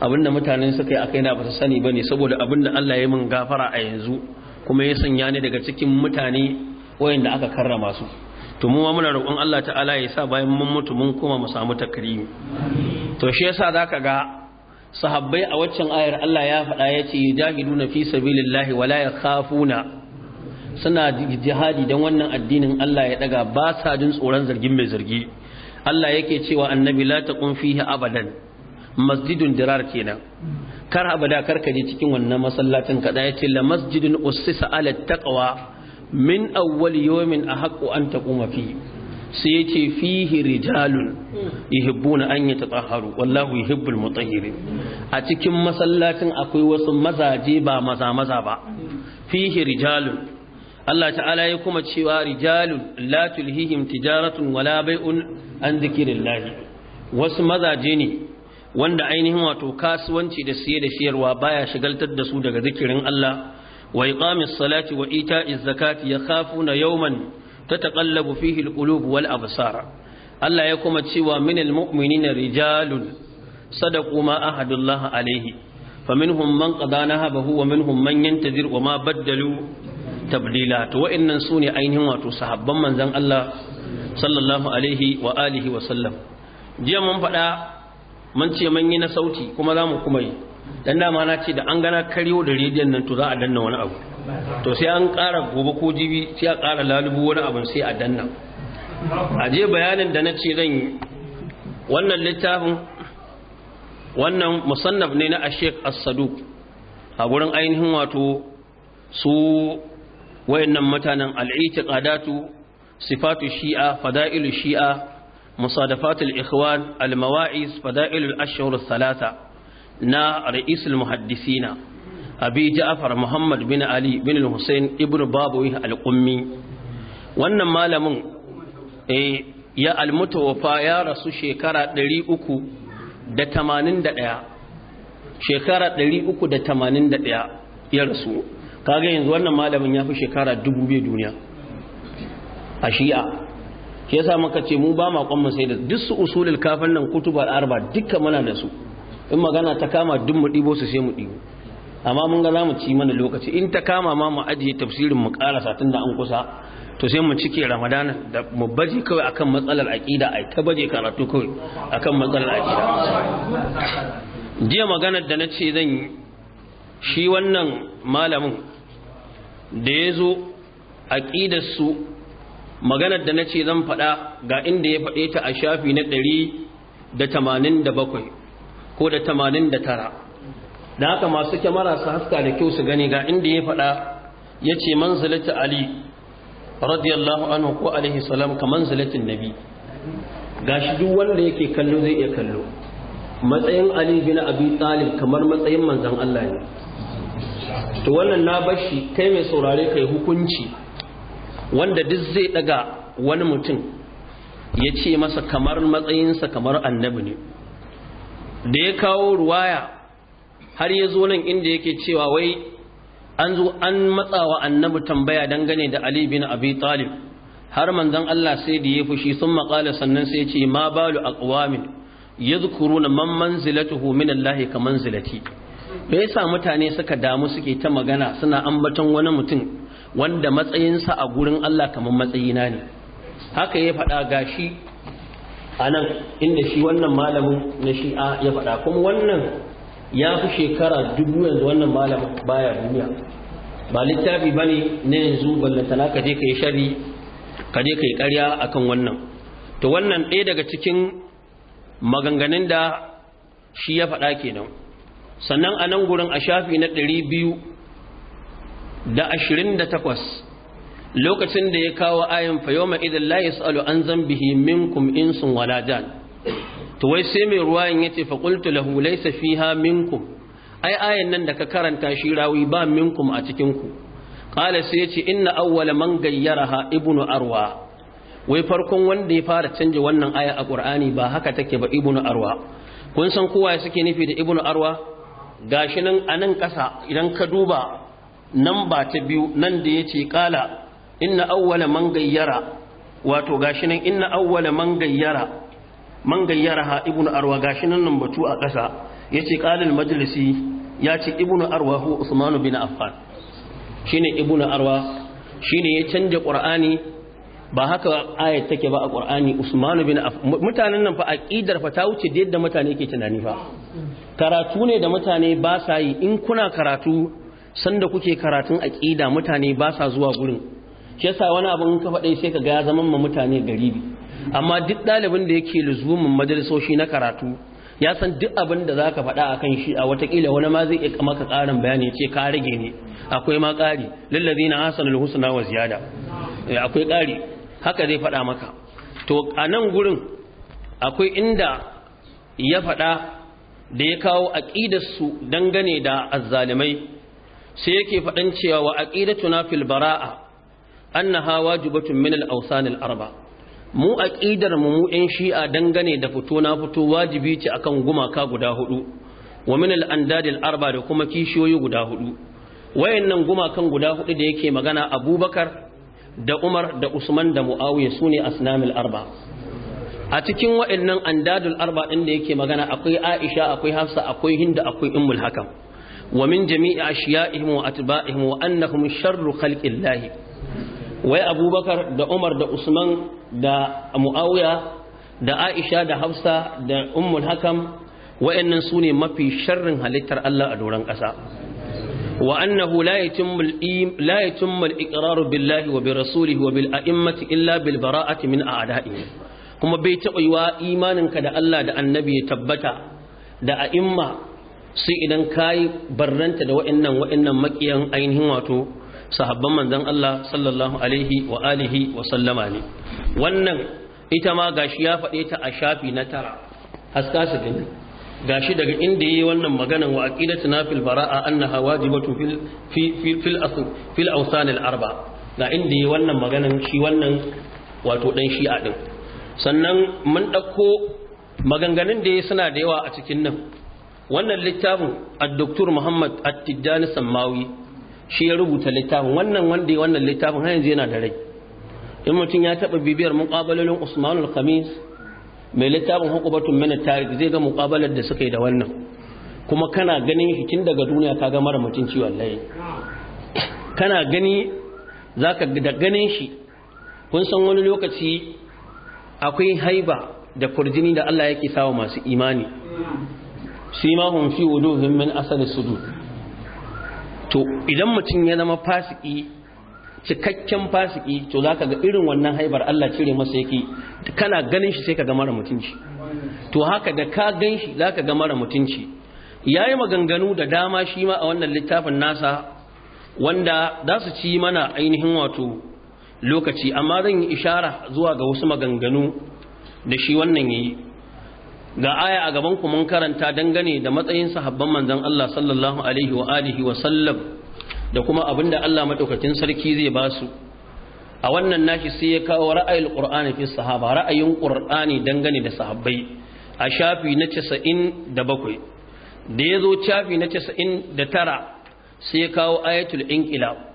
abinda mutanen suka yi akai na ba su sani bane saboda abinda Allah ya min gafara a yanzu kuma ya sanya ni daga cikin mutane wayanda aka karrama su to mu muna roƙon Allah ta'ala ya sa bayan mun mutu mun kuma mu samu takrimi to shi yasa zaka ga sahabbai a waccan ayar Allah ya faɗa ya ce jahiduna fi sabilillahi wala yakhafuna suna jihadi don wannan addinin Allah ya daga ba sa jin tsoron zargin mai zargi Allah yake cewa annabi la taqum fihi abadan masjidun dirar kenan kar abada kar ka je cikin wannan masallacin kada ce la masjidun ussisa ala taqwa min awwal yawmin ahqqu an taquma fi sai yace fihi rijalun yuhibbuna an yatatahharu wallahu yuhibbul mutahhirin a cikin masallacin akwai wasu mazaje ba maza maza ba fihi rijalun Allah ta'ala ya kuma cewa rijalun la tulhihim tijaratun wala bai'un an zikirillahi wasu mazaje ne wanda ainihin wato kasuwanci da siye da siyarwa baya shigaltar da su daga zikirin Allah wa iqamis salati wa ita'iz zakati yakhafuna yawman tataqallabu fihi alqulub wal absar Allah ya kuma cewa minal na rijalun sadaqu ma ahadullah alaihi faminhum man qada nahabahu wa minhum man yantazir wa ma baddalu tabdila to wa'annan su ne ainihin wato sahabban manzan Allah sallallahu alaihi wa alihi wa sallam jiya mun faɗa mun ce mun yi na sauti kuma za mu kuma yi dan dama na ce da an gana karyo da rediyon nan to za a danna wani abu to sai an ƙara gobe ko jibi sai a ƙara lalubu wani abu sai a danna a je bayanin da na ce zan yi wannan littafin wannan musannaf ne na ashek as-saduq a gurin ainihin wato su wayannan mutanen al'itiqadatu sifatu shi'a fada'ilu shi'a musadafatul ikhwan al-mawa'iz fada'ilu ashhur thalatha na Raisul muhaddisina abi ja'far muhammad bin ali bin al-husayn ibn babawi al-qummi wannan malamin eh ya almutawafa ya rasu shekara 381 shekara 381 ya rasu kaga yanzu wannan malamin ya fi shekara dubu biyu duniya a shi'a ke sa maka ce mu ba makon mu sai da duk su usulul kafin nan kutubar arba dukkan muna da su in magana ta kama duk mu ɗibo su sai mu ɗibo amma mun ga za mu ci mana lokaci in ta kama ma mu ajiye tafsirin mu ƙara satin da an kusa to sai mu cike ramadana da mu baje kawai akan matsalar aƙida a ta baje karatu kawai akan matsalar aƙida jiya maganar da na ce zan shi wannan malamin da ya zo a ƙidarsu maganar da na ce zan faɗa ga inda ya faɗe ta a shafi na ɗari da tamanin da bakwai ko da tamanin da tara da haka masu kyamara su haska da kyau su gani ga inda ya faɗa ya ce manzalata ali radiyallahu anhu ko alaihi salam ka manzalatin nabi ga shi duk wanda yake kallo zai iya kallo matsayin ali bin abi talib kamar matsayin manzan allah ne to wannan na bashi kai mai saurare kai hukunci wanda duk zai daga wani mutum ya ce masa kamar matsayinsa kamar annabi ne da ya kawo ruwaya har ya zo nan inda yake cewa wai an zo an matsawa annabi tambaya dangane da Ali bin Abi Talib har manzon Allah sai da ya fushi sun maƙala sannan sai ya ce ma balu aqwamin yadhkuruna man manzilatuhu min Allah ka manzilati me yasa mutane suka damu suke ta magana suna ambaton wani mutum wanda matsayinsa a gurin Allah kamar matsayina ne haka ya faɗa gashi a nan inda shi wannan malamin na shi'a ya faɗa kuma wannan ya fi shekara dubu yanzu wannan malamin baya duniya ba littafi ba ne na yanzu ballantana ka je ka yi shari ka je ka yi ƙarya a kan wannan to wannan ɗaya daga cikin maganganun da shi ya faɗa kenan sannan a nan gurin a shafi na ɗari biyu da ashirin da takwas lokacin da ya kawo ayin fayoma idan la yasalu an zambihi minkum insun wala jan to wai sai mai ruwayan yace fa qultu lahu laysa fiha minkum ai ayin nan da ka karanta shi rawi ba minkum a cikin ku sai yace inna awwala man gayyaraha ibnu arwa wai farkon wanda ya fara canje wannan aya a ƙur'ani ba haka take ba ibnu arwa kun san kowa suke nufi da ibnu arwa gashi nan a nan ƙasa idan ka duba nan ba ta biyu nan da ya ce ƙala inna awwala man gayyara wato gashi nan inna awwala man gayyara man gayyara ha ibnu arwa gashi nan nan batu a ƙasa ya ce ƙalil majalisi ya ce ibnu arwa hu usmanu bin affan shine ibnu arwa shine ya canja qur'ani ba haka ayat take ba a qur'ani usmanu bin affan mutanen nan fa aqidar fa ta wuce da yadda mutane ke tunani fa karatu ne da mutane ba sa yi in kuna karatu sanda kuke karatun aƙida mutane ba sa zuwa gurin shi yasa wani abin ka faɗa sai ka ga zaman ma mutane garibi amma duk ɗalibin da yake luzumin majalisoshi na karatu ya san duk abin da za ka faɗa a kan shi a watakila wani ma zai iya maka ƙarin bayani ce ka rage ne akwai ma ƙari lallazi na hasan alhusna wa ziyada eh, akwai ƙari haka zai faɗa maka to a nan gurin akwai inda ya faɗa da ya kawo aqidarsu dangane da azzalimai sai yake fadin cewa wa aqidatuna fil bara'a annaha wajibatun min al-awsan al-arba mu aqidar mu mu shi'a dangane da fito na fito wajibi ce akan gumaka guda hudu wa min al-andad al-arba da kuma kishiyoyi guda hudu wayannan gumakan guda hudu da yake magana Abubakar da Umar da Usman da Muawiya sune asnamil arba a cikin wa'annan andadul arba din da yake magana akwai aisha akwai hafsa akwai hinda akwai ummul hakam wa min jami'i ashiya'ihim wa atba'ihim wa annahum sharru khalqillah wai abubakar da umar da usman da muawiya da aisha da hafsa da ummul hakam wa'annan sune mafi sharrin halittar Allah a doron ƙasa wa annahu la yatimmu la yatimmu al-iqraru billahi wa bi rasulihi wa bil a'immati illa bil bara'ati min a'da'ihi kuma bai taɓa yiwa imaninka da Allah da annabi ya tabbata da a imma sai idan ka yi barranta da wa'annan wa'annan maƙiyan ainihin wato sahabban manzan Allah sallallahu alaihi wa alihi wa sallama ne wannan ita ma gashi ya faɗe ta a shafi na tara haska su gani gashi daga inda yi wannan maganan wa aqidatu na bara'a annaha wajibatu fil fil fil asl fil awsan al arba ga inda yi wannan maganan shi wannan wato dan shi'a din sannan mun ɗauko maganganun da ya suna da yawa a cikin nan wannan littafin a doktor muhammad attijani sammawi shi ya rubuta littafin wannan wanda ya wannan littafin har yanzu yana da rai in mutum ya taɓa bibiyar muƙabalolin al khamis mai littafin hukubatun mana tarik zai ga muƙabalar da suka yi da wannan kuma kana ganin shi tun daga duniya ka ga mara mutunci wallahi kana gani zaka da ganin shi kun san wani lokaci akwai haiba da kurjini da Allah yake sawa masu imani ma hun fi wuduhum min asali sudu to idan mutum ya zama fasiki cikakken fasiki to zaka ga irin wannan haibar Allah cire masa yake kana ganin shi sai ka ga mara mutunci to haka da ka gan shi zaka ga mara mutunci yayi maganganu da dama shi ma a wannan littafin nasa wanda za su ci mana ainihin wato lokaci amma zan yi ishara zuwa ga wasu maganganu da shi wannan yi ga aya a gaban ku mun karanta dangane da matsayin sahabban manzan Allah sallallahu alaihi wa alihi wa sallam da kuma abinda Allah madaukakin sarki zai ba su a wannan nashi sai ya kawo ra'ayin qur'ani fi sahaba ra'ayin qur'ani dangane da sahabbai a shafi na 97 da yazo shafi na tara sai ya kawo ayatul inqilab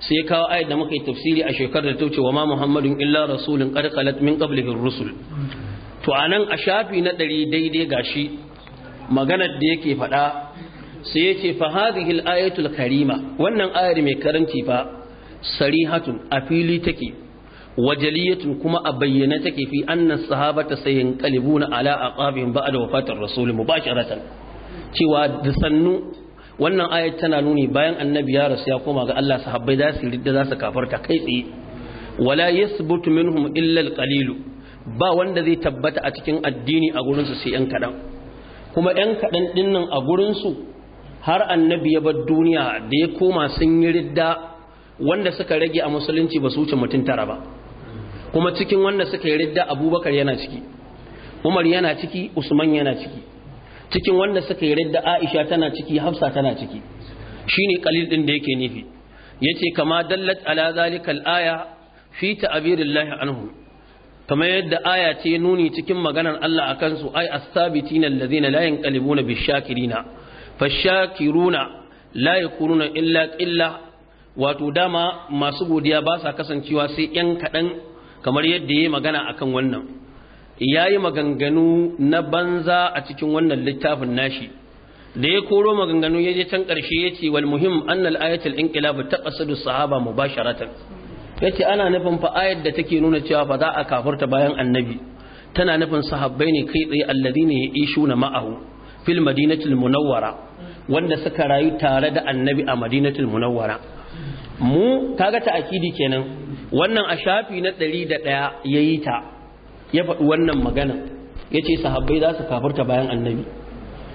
sai kawo ayat da muka yi tafsiri a shekarar da ta wuce wa ma muhammadun illa rasulun qad min qablihi rusul to anan a shafi na ɗari daidai gashi maganar da yake faɗa sai ya ce fa hadhihi al-ayatul karima wannan ayar mai karanci fa sarihatun a fili take wajaliyatun kuma a bayyana take fi annas sahabata sayin qalibuna ala aqabihim ba'da wafatir rasul mubasharatan cewa da sannu wannan ayat tana nuni bayan annabi ya rasu ya koma ga Allah sahabbai za su ridda za su kafarta kai tsaye wala yasbutu minhum illa kalilu ba wanda zai tabbata a cikin addini a gurin su sai yan kadan kuma yan kadan dinnan a gurin su har annabi ya bar duniya da ya koma sun yi ridda wanda suka rage a musulunci ba su wuce mutum tara ba kuma cikin wanda suka yi ridda abubakar yana ciki umar yana ciki usman yana ciki cikin wanda suka yi da Aisha tana ciki Hafsa tana ciki shine kalil din da yake nufi yace kama dallat ala zalika al-aya fi ta'birillahi anhu kamar yadda aya ce nuni cikin maganar Allah akan su ay as-sabitina allazina la yanqalibuna bish-shakirina la yakununa illa illa. wato dama masu godiya ba sa kasancewa sai yan kadan kamar yadda yayi magana akan wannan ya yi maganganu na banza a cikin wannan littafin nashi da ya koro maganganu ya je can ƙarshe ya ce wal muhim annal ayatul inqilab ta qasadu sahaba mubasharatan yace ana nufin fa ayat da take nuna cewa fa za a kafurta bayan annabi tana nufin sahabbai ne kai tsaye ya na ma'ahu fil madinatul munawwara wanda suka rayu tare da annabi a madinatul munawwara mu kaga ta akidi kenan wannan a shafi na 101 yayi ta ya faɗi wannan magana ya ce sahabbai za su kafarta bayan annabi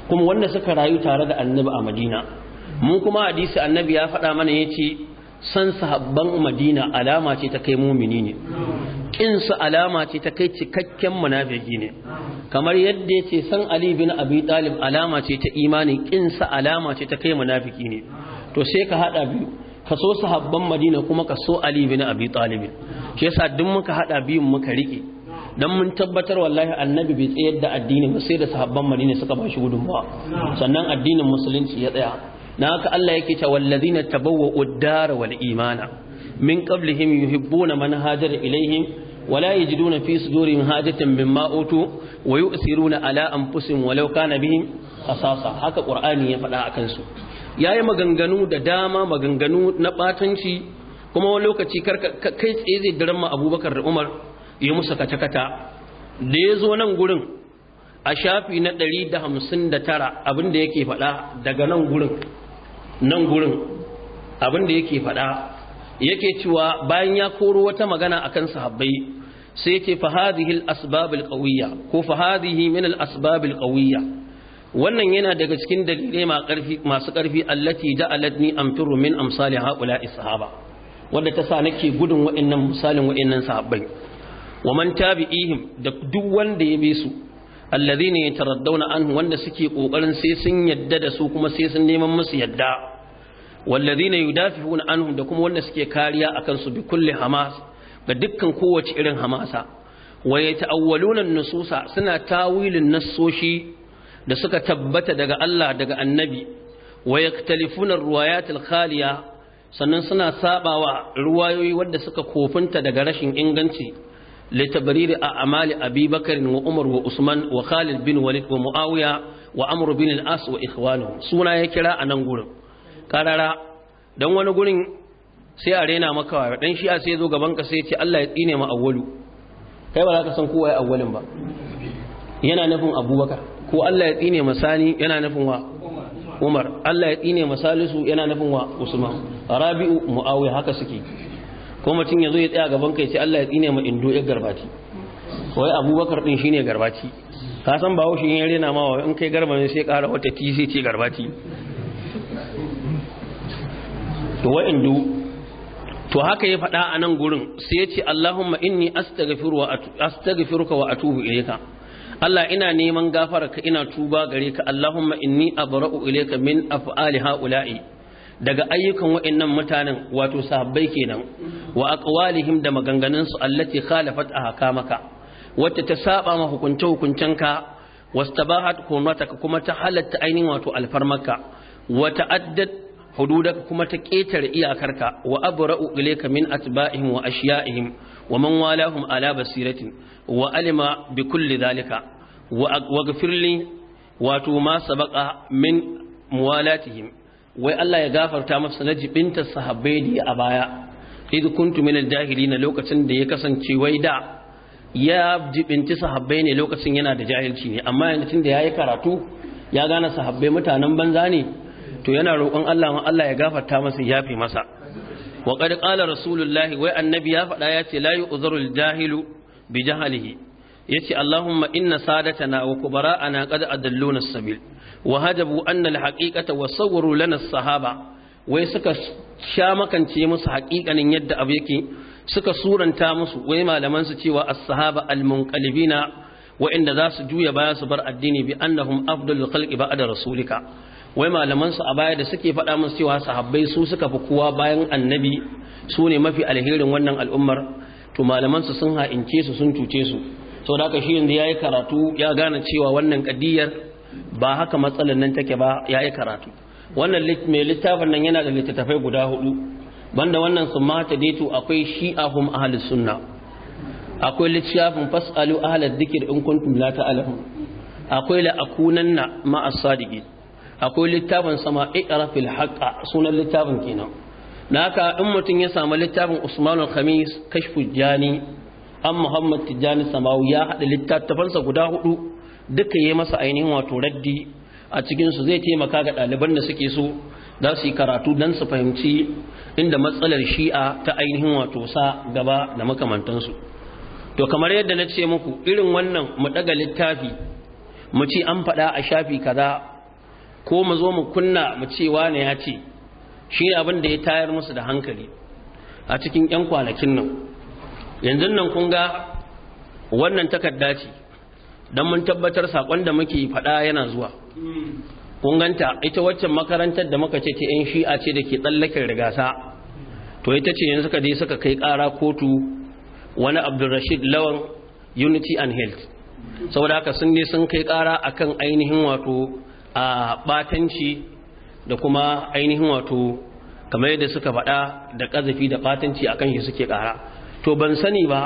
kuma wanda suka rayu tare da annabi a madina mu kuma hadisi annabi ya faɗa mana ya ce san sahabban madina alama ce ta kai mumini ne su alama ce ta kai cikakken munafiki ne kamar yadda ya ce san ali bin abi talib alama ce ta imani su alama ce ta kai munafiki ne to sai ka haɗa biyu ka so sahabban madina kuma ka so ali bin abi talib shi yasa duk muka haɗa biyun muka riƙe don mun tabbatar wallahi annabi bai tsayar da addinin ba sai da sahabban madina suka ba shi sannan addinin musulunci ya tsaya na haka Allah yake cewa wallazina tabawwa uddar wal imana min qablihim yuhibbuna man hajara ilaihim wala yajiduna fi sudurihim hajatan mimma na wa yu'siruna ala anfusihim walau kana bihim khasasa haka ƙur'ani ya faɗa akan su yayi maganganu da dama maganganu na batanci kuma wani lokaci kai tsaye zai daren ma abubakar da umar yi musu kata-kata da ya zo nan gurin a shafi na ɗari 159 abinda yake faɗa daga nan gurin nan gurin abinda yake faɗa yake cewa bayan ya koro wata magana akan sahabbai sai yake fahadihil asbabul qawiyya ko fahadihi min al asbabul qawiyya wannan yana daga cikin dalilai masu ƙarfi allati ja'alat ni amfiru min amsali haula ishaba wanda ta sa nake gudun wa'annan misalin wa'annan sahabbai wa man tabi'ihim da duk wanda ya bi su alladhina yataraddawna anhu wanda suke kokarin sai sun yadda da su kuma sai sun neman musu yadda walladhina yudafi'una anhu da kuma wanda suke kariya akan su bi kulli hamas ga dukkan kowace irin hamasa wa yata'awwaluna an-nususa suna tawilin nassoshi da suka tabbata daga Allah daga annabi wa yaktalifuna ar-riwayat al-khaliya sannan suna sabawa ruwayoyi wanda suka kofinta daga rashin inganci لتبرير أعمال أبي بكر وعمر وعثمان وخالد بن وليد ومعاوية وعمر بن الأس وإخوانهم سونا يكلا أنا نقول قال لا دون ونقول sai a maka wa dan shi a gaban ka sai ce Allah ya tsine ma awwalu kai ba za ka san kowa ya awwalin ba yana nufin abubakar ko Allah ya tsine masani yana nufin wa umar Allah ya tsine yana nufin wa usman rabi'u haka suke ko mutum ya zo ya tsaya gaban kai sai Allah ya tsine ma indo ya garbati wai abubakar din shine garbati. ka san ba shi ya rena wa in kai garba ne sai kara wata ti sai ce garbati. to wa indo to haka ya faɗa a nan gurin sai ya ce Allahumma inni astaghfiruka wa atubu ilayka Allah ina neman gafararka ina tuba gare ka Allahumma inni abra'u ilayka min af'ali ha'ula'i daga ayyukan wa'annan mutanen wato sahabbai kenan wa aqwalihim da maganganun su allati khalafat ahkamaka wacce ta saba ma hukunce hukuncenka wastabahat hurmataka kuma ta halatta ainihin wato alfarmaka wa ta'addat hududaka kuma ta ketare iyakarka wa abra'u ilayka min atba'ihim wa ashiya'ihim wa man walahum ala basiratin wa alima bi kulli dhalika wa waghfirli wato ma sabaqa min muwalatihim wai Allah ya gafarta masa na jibinta sahabbai da a baya idh kuntu min al na lokacin da ya kasance wai da ya jibinci sahabbai ne lokacin yana da jahilci ne amma yanzu tunda yayi karatu ya gane sahabbai mutanen banza ne to yana roƙon Allah ma Allah ya gafarta masa yafi masa wa qad qala rasulullahi wai annabi ya faɗa ya ce la yu'zaru al-jahilu bi jahlihi yace Allahumma inna sadatana wa kubara'ana qad adalluna as-sabil Wahajabu hajabu anna al-haqiqata wa sahaba wai suka sha makance musu haƙiƙanin yadda abu suka suranta musu wai malaman su cewa as-sahaba al-munqalibina wa'inda za su juya baya su bar addini bi annahum afdalul khalqi ba'da rasulika wai malamansu a baya da suke faɗa musu cewa sahabbai su suka fi kowa bayan annabi su ne mafi alherin wannan al'ummar to malaman sun ha'ince su sun cuce su saboda haka shi yanzu yayi karatu ya gane cewa wannan kadiyar ba haka matsalar nan take ba ya yi karatu wannan mai littafin nan yana da littattafai guda hudu banda wannan sun mata daitu akwai shi'ahum ahalis sunna akwai littafin fasalu ahli dikir in kuntum la ta'lamun akwai la akunanna ma as akwai littafin sama iqra fil sunan littafin kenan naka in mutum ya samu littafin Usman al-Khamis kashfu jani an Muhammad Tijani Samawi ya haɗa littattafansa guda hudu duka yi masa ainihin wato raddi a cikinsu zai taimaka ga ɗaliban da suke so za su yi karatu don su fahimci inda matsalar shi'a ta ainihin wato sa gaba da makamantansu to kamar yadda na ce muku irin wannan mu ɗaga littafi mu ce an faɗa a shafi kaza ko mu zo mu kunna mu ce wane ya ce shi abin da ya tayar musu da hankali a cikin 'yan kwanakin nan yanzu nan kun ga wannan takarda ce don mun tabbatar saƙon da muke faɗa yana zuwa kun ganta ita waccan makarantar da muka ce ta yan shi'a ce da ke tsallakin rigasa to ita ce yanzu suka je suka kai ƙara kotu wani abdulrashid lawan unity and health saboda haka sun ne sun kai ƙara akan ainihin wato a batanci da kuma ainihin wato kamar yadda suka faɗa da ƙazafi da batanci akan shi suke ƙara to ban sani ba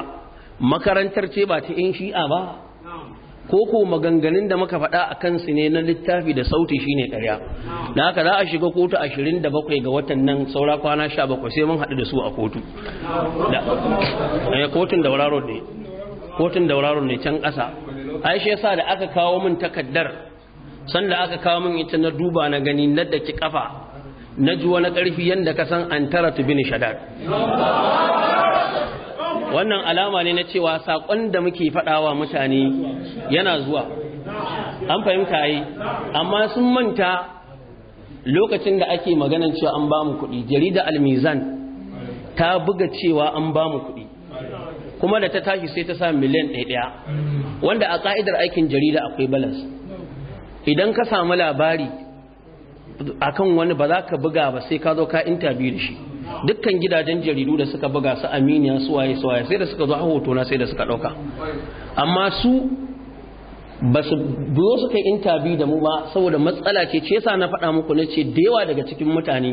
makarantar ce ba ta yan shi'a ba ko ko maganganun da muka faɗa a kansu ne na littafi da sauti shine ƙarya da haka za a shiga kotu 27 ga watan nan saura kwana 17 sai mun haɗu da su a kotu eh, kotun dauraro ne ne can ƙasa aisha yasa da aka kawo min takaddar sanda aka kawo min ita na duba na gani na ki kafa na ji wani ƙarfi yadda ka san an tara bin shadad wannan alama ne na cewa saƙon da muke faɗawa mutane yana zuwa an fahimta yi amma sun manta lokacin da ake maganan cewa an ba mu kuɗi jarida almizan ta buga cewa an ba mu kuɗi kuma da ta tashi sai ta sa miliyan ɗaya ɗaya wanda a ƙa'idar aikin jarida akwai balas. idan ka samu labari akan wani ba za ka buga ba sai ka zo ka intabiyu da shi dukkan gidajen jaridu da suka buga su aminiya su waye su waye sai da suka zo a hoto na sai da suka dauka amma su ba su biyo su kai intabi da mu ba saboda matsala ce ce yasa na faɗa muku na ce da yawa daga cikin mutane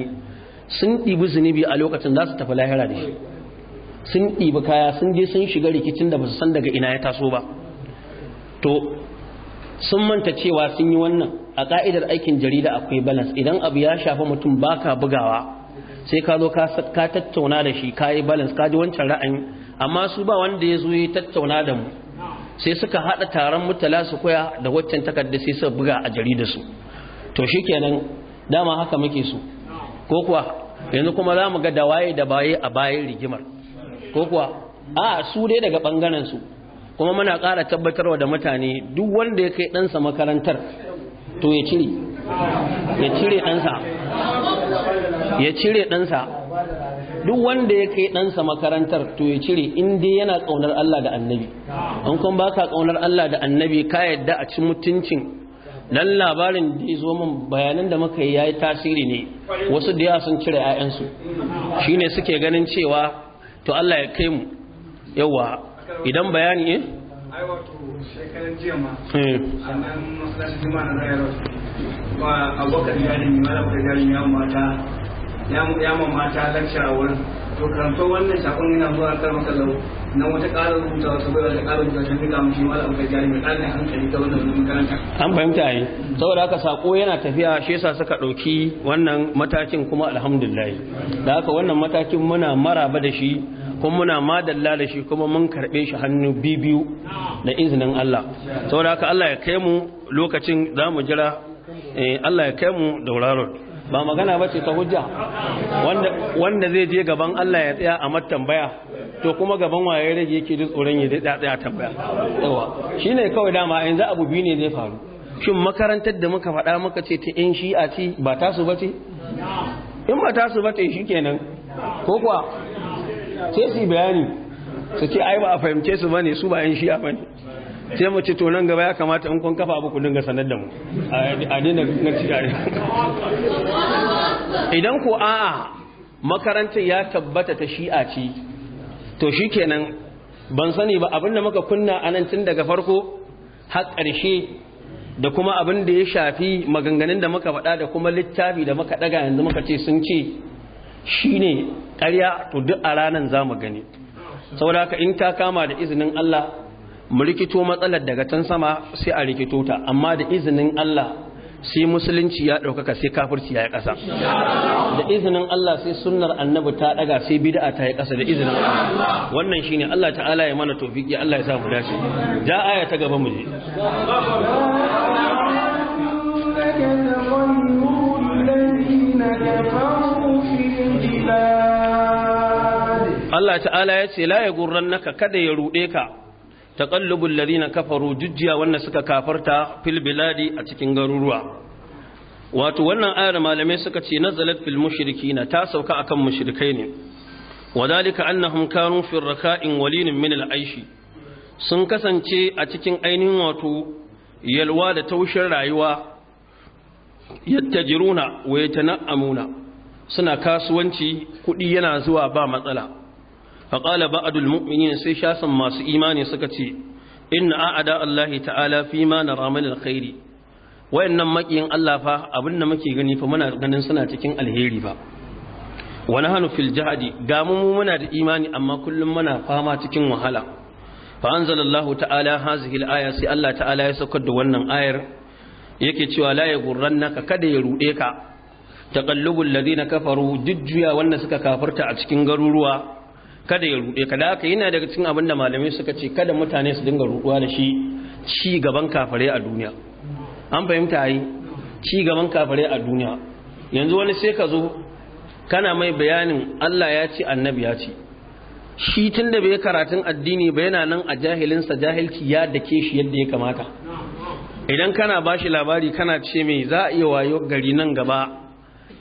sun ɗibi zunubi a lokacin za su tafi lahira da shi sun ɗibi kaya sun je sun shiga rikicin da ba su san daga ina ya taso ba to sun manta cewa sun yi wannan a ka'idar aikin jarida akwai balance idan abu ya shafa mutum baka bugawa sai ka zo ka tattauna da shi ka yi balance ka ji wancan ra'ayin amma su ba wanda ya zo ya tattauna da mu sai suka haɗa taron mutala su koya da waccan takarda sai su buga a jarida su to shi kenan dama haka muke su ko kuwa yanzu kuma za mu ga da waye da baye a bayan rigimar ko kuwa a su dai daga bangaren su kuma muna ƙara tabbatarwa da mutane duk wanda ya kai ɗansa makarantar to ya cire ya cire ɗansa ya cire ɗansa duk wanda ya kai ɗansa makarantar to ya cire inda yana ƙaunar Allah da annabi an kuma baka ƙaunar Allah da annabi ka yadda a ci mutuncin dan labarin da ya zo min bayanan da muka yi ya yi tasiri ne wasu da yawa sun cire 'ya'yansu ne suke ganin cewa to Allah ya kai mu yawa idan bayani eh? ai wato shekaran jiya ma eh. a nan masallacin jima na raya rau ba abokan yarin ma da abokan yarin ya mata ya ma mata lakca a wurin to karanto wannan shafin yana zuwa kar masallau nan wata ƙara rubuta wata bai wata ƙara rubuta ta miƙa mishi ma da abokan yarin mai ƙarin hankali ta wannan makaranta. an fahimta yi saboda haka sako yana tafiya shi yasa suka ɗauki wannan matakin kuma alhamdulillah da haka wannan matakin muna maraba da shi kuma muna madalla da shi kuma mun karɓe shi hannu bibiyu da izinin Allah saboda haka Allah ya kai mu lokacin za mu jira eh, Allah ya kai mu dauraron ba magana ba ce ta hujja wanda zai je gaban Allah ya tsaya a matambaya to kuma gaban waye rage yake da tsoron ya tsaya tambaya yawa shine kawai dama yanzu abu biyu ne zai faru shin makarantar da muka faɗa muka ce ta shi shi'a ci ba tasu ba ce in ba tasu ba ce kenan ko kuwa sai su bayani su ce ai ba a fahimce su bane su bayan shi a bane sai mu to nan gaba ya kamata in kun kafa abu ku dinga sanar da mu a dina na cikare idan ku a'a makarantar ya tabbata ta shi'a ce to shi kenan ban sani ba abinda muka kunna a nan tun daga farko har ƙarshe da kuma abin da ya shafi maganganun da muka faɗa da kuma littafi da muka ɗaga yanzu muka ce sun ce Shi ne ƙarya to duk a ranan mu gani sauraka in ta kama da izinin Allah mu rikito matsalar daga can sama sai a rikito ta amma da izinin Allah sai musulunci ya ɗaukaka sai kafirci ya yi ƙasa da izinin Allah sai sunnar annabi ta ɗaga sai bid'a ta yi ƙasa da izinin Allah wannan shi ne Allah ta'ala ya mana tofiki Allah ya sa mu dace da aya ta gaba mu je الذين كفروا في Allah ta'ala ya ce la ya gurrannaka kada ya ruɗe ka taqallubul ladina kafaru jujjiya wannan suka kafarta fil biladi a cikin garuruwa wato wannan ayar malamai suka ce nazalat fil mushrikina ta sauka akan mushrikai ne wadalika annahum kanu fi raka'in walinin min aishi sun kasance a cikin ainihin wato yalwa da taushin rayuwa yattajiruna wa yatana'amuna suna kasuwanci kuɗi yana zuwa ba matsala faƙala ba'adul mu'minin sai shasan masu imani suka ce inna a'ada Allah ta'ala fi ma na min alkhairi wayannan makiyin Allah fa abin da muke gani fa muna ganin suna cikin alheri ba. wa nahnu fil jahadi ga mu muna da imani amma kullum muna fama cikin wahala fa anzalallahu ta'ala hazihi al-aya sai Allah ta'ala ya saukar da wannan ayar yake cewa la yaghurrannaka kada ya rude ka taqallubul ladina kafaru dujjuya wanda suka kafarta a cikin garuruwa kada ya rude kada haka yana daga cikin abin da malamai suka ce kada mutane su dinga ruduwa da shi ci gaban kafare a duniya an fahimta ai ci gaban kafare a duniya yanzu wani sai ka zo kana mai bayanin Allah ya ce annabi ya ce shi tun da bai karatun addini ba yana nan a jahilinsa jahilci ya dake shi yadda ya kamata idan kana bashi labari kana ce mai za a iya wayo gari nan gaba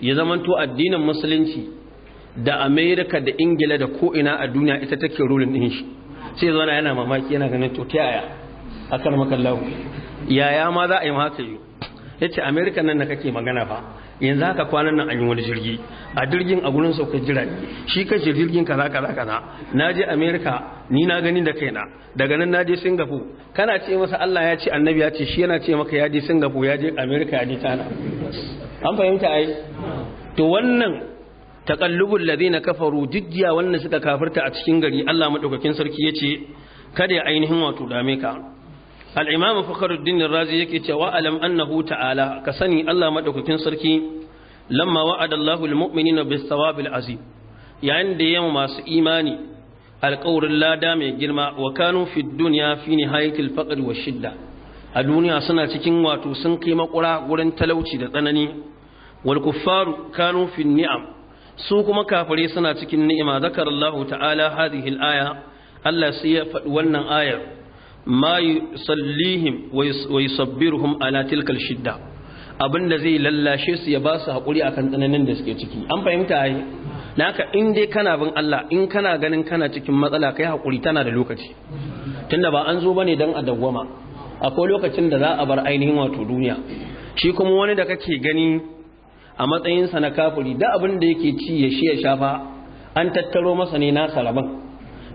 ya zamanto addinin musulunci da amerika da ingila da ko'ina a duniya ita take rulin ɗin shi sai zana yana mamaki yana ganin to ta yaya a kan makallahu yaya ma za a yi maka yi ya ce amerika nan na kake magana fa yanzu haka kwanan nan an yi wani jirgi a jirgin a gurin saukar jirage shi ka jirgin kaza kaza kaza na je amerika ni na gani da kaina daga nan na je singapore kana ce masa allah ya ce annabi ya ce shi yana ce maka ya je singapore ya je amerika ya je tana an fahimta ai to wannan taqallubul ladina kafaru jijjiya wannan suka kafirta a cikin gari Allah madaukakin sarki yace kada ya ainihin wato dame ka al-imam fakhruddin razi yake cewa alam annahu ta'ala ka sani Allah madaukakin sarki lamma wa'ada Allahu al-mu'minina bis-sawabil azim yayin da yayin masu imani alƙawarin lada mai girma wa kanu fi dunya fi nihayatil faqr wa shidda a duniya suna cikin wato sun kai makura wurin talauci da tsanani wal kuffaru kanu su kuma kafari suna cikin ni'ima zakar Allah ta'ala hadhihi al Allah sai ya faɗi wannan ayar ma yusallihim wa yusabbiruhum ala tilkal shidda da zai lallashe su ya ba su hakuri akan tsananin da suke ciki an fahimta ai naka in dai kana bin Allah in kana ganin kana cikin matsala kai hakuri tana da lokaci tunda ba an zo bane dan a dawwama akwai lokacin da za a bar ainihin wato duniya shi kuma wani da kake gani a matsayinsa na kafuri da abin da yake ci ya shi ya sha ba an tattaro masa ne nasa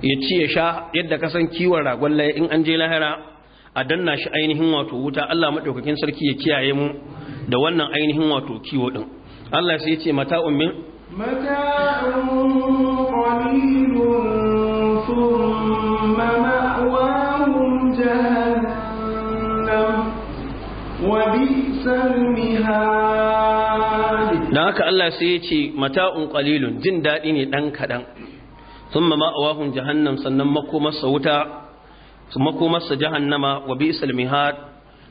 ya ci ya sha yadda ka san kiwon ragon laye in an je lahira a danna shi ainihin wato wuta Allah madaukakin sarki ya kiyaye mu da wannan ainihin wato kiwo din Allah sai ya ce mata'un min mata'un qalilun thumma ma'wahum jahannam wa bisa mihad haka Allah sai ya ce mata'un qalilun jin daɗi ne ɗan kaɗan thumma ma'awahum jahannam sannan makomarsa wuta makomarsa jahannama wa bi'sal mihad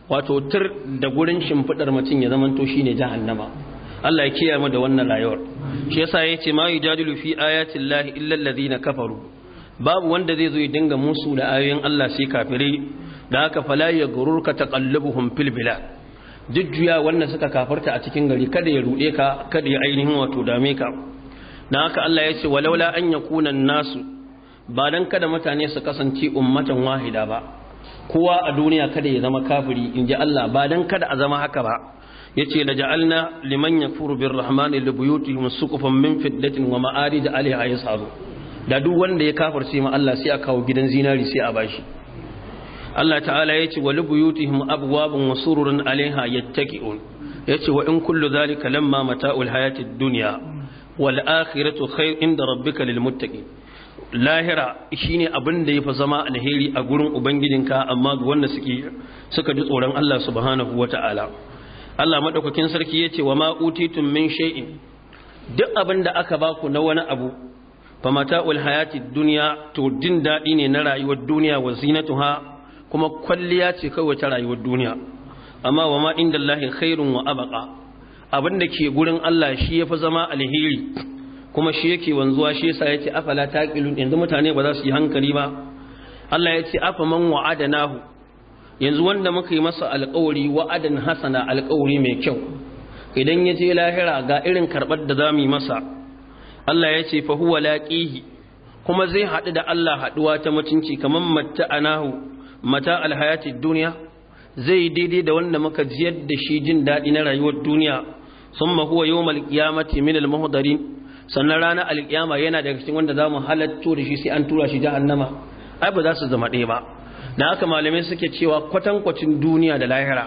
wato tur da gurin shimfidar mutum ya zamanto shi shine jahannama Allah ya kiyaye mu da wannan rayuwar shi yasa ce ma yujadilu fi ayati llahi illa alladhina kafaru babu wanda zai zo ya dinga musu da ayoyin Allah sai kafirai da haka fala yaghurruka taqallubuhum fil bilad jujjuya wannan suka kafarta a cikin gari kada ya ruɗe ka kada ya ainihin wato dame ka dan haka Allah ya ce walaula an ya yakuna nasu ba dan kada mutane su kasance ummatan wahida ba kowa a duniya kada ya zama kafiri in ji Allah ba dan kada a zama haka ba yace la ja'alna liman yakfuru da li buyutihim suqufan min fiddatin wa ma'arij alaiha yasaru da duk wanda ya kafirce ma Allah sai a kawo gidan zinari sai a bashi Allah ta'ala ya ce wali buyutihim abwabun wa sururun alaiha ya ce wa in kullu zalika lamma mata'ul hayatid dunya wal akhiratu khair inda rabbika lil muttaqin lahira shine abin da yafi zama alheri a gurin ubangijinka amma wanda suke suka ji tsoron Allah subhanahu wata'ala Allah madaukakin sarki yace wa ma utitum min shay'in duk abin da aka baku na wani abu fa mata'ul hayatid dunya to din dadi ne na rayuwar duniya wa zinatuha kuma kwalliya ce kawai ta rayuwar duniya amma wa ma inda Allah khairun wa abaka abin da ke gurin Allah shi ya fi zama alheri kuma shi yake wanzuwa shi yasa yake afala taqilun yanzu mutane ba za su yi hankali ba Allah ya ce afa man wa'adanahu yanzu wanda muka yi masa alƙawari wa'adan hasana alƙawari mai kyau idan ya je lahira ga irin karɓar da za mu yi masa Allah ya ce fa huwa laqihi kuma zai haɗu da Allah haɗuwa ta mutunci kamar anahu mata alhayati duniya zai daidai da wanda muka jiyar da shi jin daɗi na rayuwar duniya sun mahuwa yau malkiyamati min almuhdarin sannan ranar alkiyama yana daga cikin wanda za mu halatto da shi sai an tura shi jahannama ai ba za su zama ɗaya ba na haka malamai suke cewa kwatankwacin duniya da lahira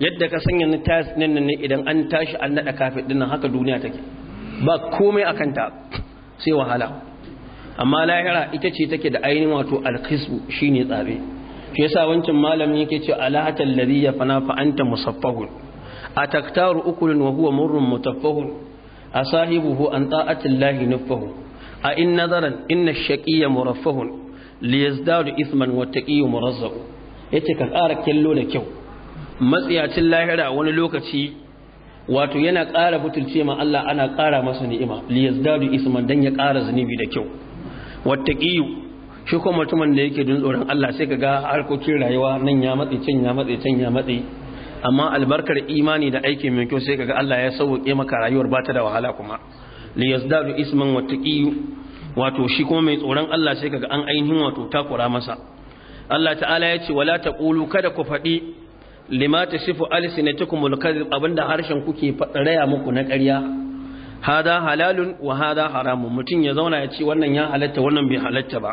yadda ka sanya ni tas nan ne idan an tashi an naɗa kafin dinnan haka duniya take ba komai akan ta sai wahala amma lahira ita ce take da ainihin wato alkhisbu shine tsabe shi yasa wancan malamin yake ce alatal ladhi yafna fa anta musaffahun ataktaru ukulun wa huwa murrun mutaffahun asahibuhu an ta'ati llahi nufahu a in nazaran inna ash-shaqiyya muraffahun liyazdadu ithman wa taqiyyu murazzaqu yace ka ƙara kello da kyau matsiyacin lahira wani lokaci wato yana ƙara butulce ma Allah ana ƙara masa ni'ima liyazdadu ithman dan ya ƙara zunubi da kyau wa taqiyyu shi ko mutumin da yake dun tsoron Allah sai ka ga harkokin rayuwa nan ya matsi can ya matsi can ya matsi amma albarkar imani da aiki mai kyau sai ka ga Allah ya sauke maka rayuwar ba ta da wahala kuma li yazdadu isman wa wato shi kuma mai tsoron Allah sai kaga an ainihin wato takura masa Allah ta'ala ya ce wala taqulu kada ku faɗi lima tasifu alsinatukum alkadhib abinda harshen kuke raya muku na ƙarya hada halalun wa hada haramun mutum ya zauna ya ce wannan ya halatta wannan bai halatta ba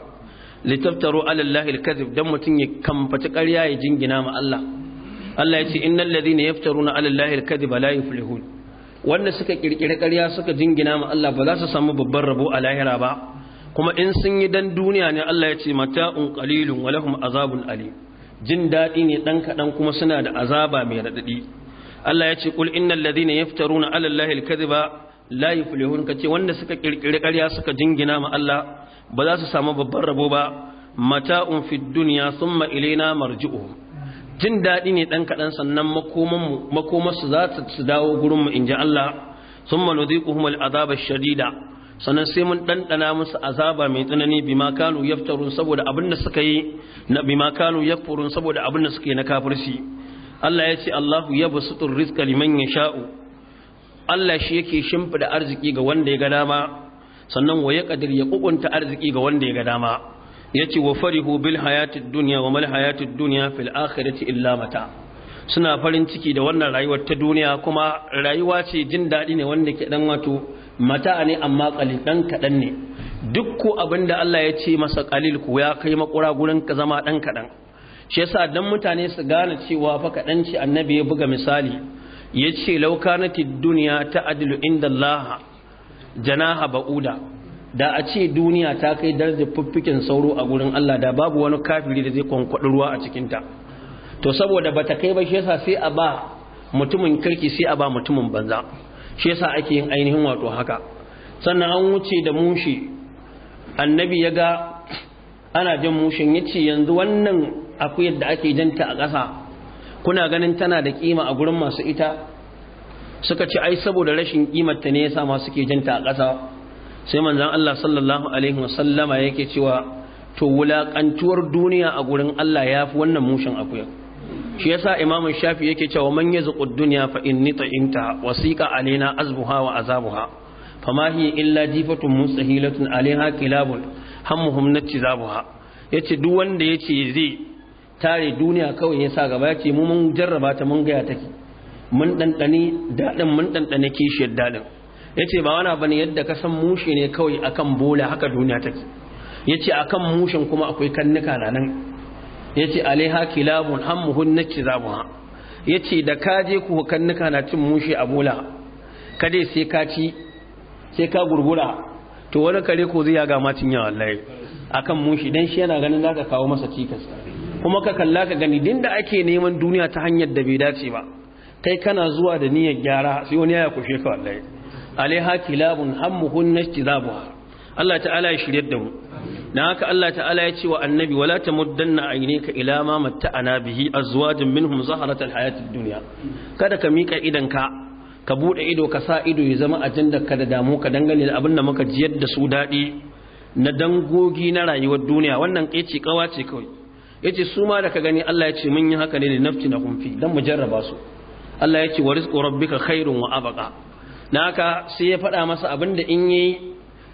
litaftaru ala Allah al-kadhib dan mutun ya kamfata ƙarya ya jingina ma Allah Allah ya ce innal ladhina yaftaruna ala Allah al-kadhiba la yuflihun wanda suka kirkire ƙarya suka jingina ma Allah ba za su samu babban rabo a lahira ba kuma in sun yi dan duniya ne Allah ya ce mata'un qalilun wa lahum azabun alim jin daɗi ne dan kaɗan kuma suna da azaba mai raɗaɗi Allah ya ce kul innal ladhina yaftaruna ala Allah al-kadhiba la yuflihun kace wanda suka kirkire ƙarya suka jingina ma Allah ba za su samu babban rabo ba mata'un fid dunya thumma ilaina marji'uhum jin daɗi ne ɗan kaɗan sannan makomarsu za su dawo gurinmu in ji Allah sun malodi kuhumar azabar shadida sannan sai mun ɗanɗana musu azaba mai tsanani bimakanu yaftarun saboda abin da suka yi na bimakanu yaftarun saboda abin da suka yi na kafirci Allah ya ce Allahu ya basu rizqa liman yasha'u Allah shi yake shimfida arziki ga wanda ya ga dama sannan wa ya kadir ya kukunta arziki ga wanda ya ga dama yace wa farihu bil hayatid dunya wa mal hayatid dunya fil akhirati illa mata suna farin ciki da wannan rayuwar ta duniya kuma rayuwa ce jin daɗi ne wanda ke dan wato mata ne amma qalil dan kadan ne duk ko abinda Allah ya ce masa kalil ku ya kai makura gurin ka zama dan kadan shi yasa dan mutane su gane cewa fa kadan ce annabi ya buga misali yace law kanatid ta ta'dilu inda Allah janaha ba'uda da a ce duniya ta kai darajar fuffikin sauro a gurin Allah da babu wani kafiri da zai kwankwaɗi ruwa a cikinta to saboda bata kai ba shi yasa sai a ba mutumin kirki sai a ba mutumin banza shi yasa ake yin ainihin wato haka sannan an wuce da mushi annabi ya ga ana jan mushin ya ce yanzu wannan akuyar da ake janta a ƙasa kuna ganin tana da kima a gurin masu ita suka ce ai saboda rashin ta ne yasa ma suke janta a ƙasa sai manzon Allah sallallahu alaihi wasallama yake cewa to wulakantuwar duniya a gurin Allah yafi wannan mushin akuya shi yasa Imam Shafi yake cewa man yazqud dunya fa inni ta'imta wasiqa alaina azbuha wa azabuha fama hiya illa jifatun mustahilatun alaiha kilabun hammuhum zabuha yace duk wanda yace zai tare duniya kawai ya sa gaba yace mu mun jarraba ta mun ga ya take mun ɗanɗani daɗin mun ɗanɗani kishiyar daɗin ya ce ba wana bane yadda ka san mushi ne kawai akan bola haka duniya take ya ce a kan mushin kuma akwai kannuka na nan ya ce alaiha kilabun hammuhun na ha ya ce da ka je ku kannuka na cin mushi a bola ka dai sai ka ci sai ka gurgura to wani kare ko zai yaga macin yawa wallahi akan mushi don shi yana ganin za ka kawo masa cikas kuma ka kalla ka gani din da ake neman duniya ta hanyar da bai dace ba kai kana zuwa da niyyar gyara sai wani ya kushe ka wallahi alaiha kilabun hammuhun nastizabuha Allah ta'ala ya shirye da mu dan haka Allah ta'ala ya ce wa annabi wala tamuddanna ka ila ma matta'ana bihi azwajin minhum zaharatal hayati dunya kada ka mika idan ka ka bude ido ka sa ido ya zama ajandar ka da damu ka dangane da abin da muka jiyar da su dadi na dangogi na rayuwar duniya wannan kaici kawace ce kawai yace su ma da ka gani Allah ya ce mun yi haka ne da nafti na kumfi dan mu jarraba su Allah ya ce wa rizqu rabbika khairun wa abqa naka sai ya faɗa masa abinda in yi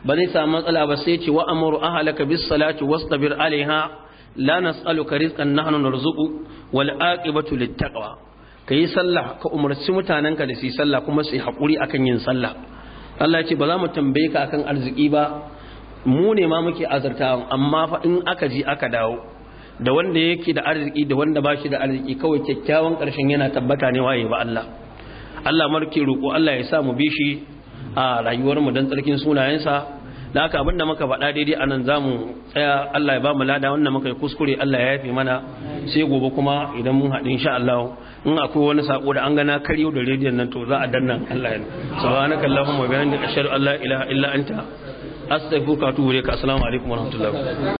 ba zai samu matsala ba sai ya ce wa amuru ahlaka bis salati wastabir alaiha la nas'aluka rizqan nahnu narzuqu wal aqibatu lit taqwa kayi sallah ka umarci mutanenka da su sallah kuma su hakuri akan yin sallah Allah ya ce ba za mu tambaye ka akan arziki ba mu ne ma muke azartawan amma fa in aka ji aka dawo da wanda yake da arziki da wanda ba shi da arziki kawai kyakkyawan ƙarshen yana tabbata ne waye ba Allah Allah marke roƙo Allah ya sa mu bi shi a rayuwarmu dan tsarkin sunayensa da haka abinda muka faɗa daidai a nan za tsaya Allah ya ba mu lada wannan muka yi kuskure Allah ya yafe mana sai gobe kuma idan mun haɗu insha Allah in akwai wani sako da an gana karyo da rediyon nan to za a danna Allah ya subhanaka allahumma wa bihamdika ashhadu an la ilaha illa anta astaghfiruka wa atubu ilayk assalamu alaikum wa rahmatullahi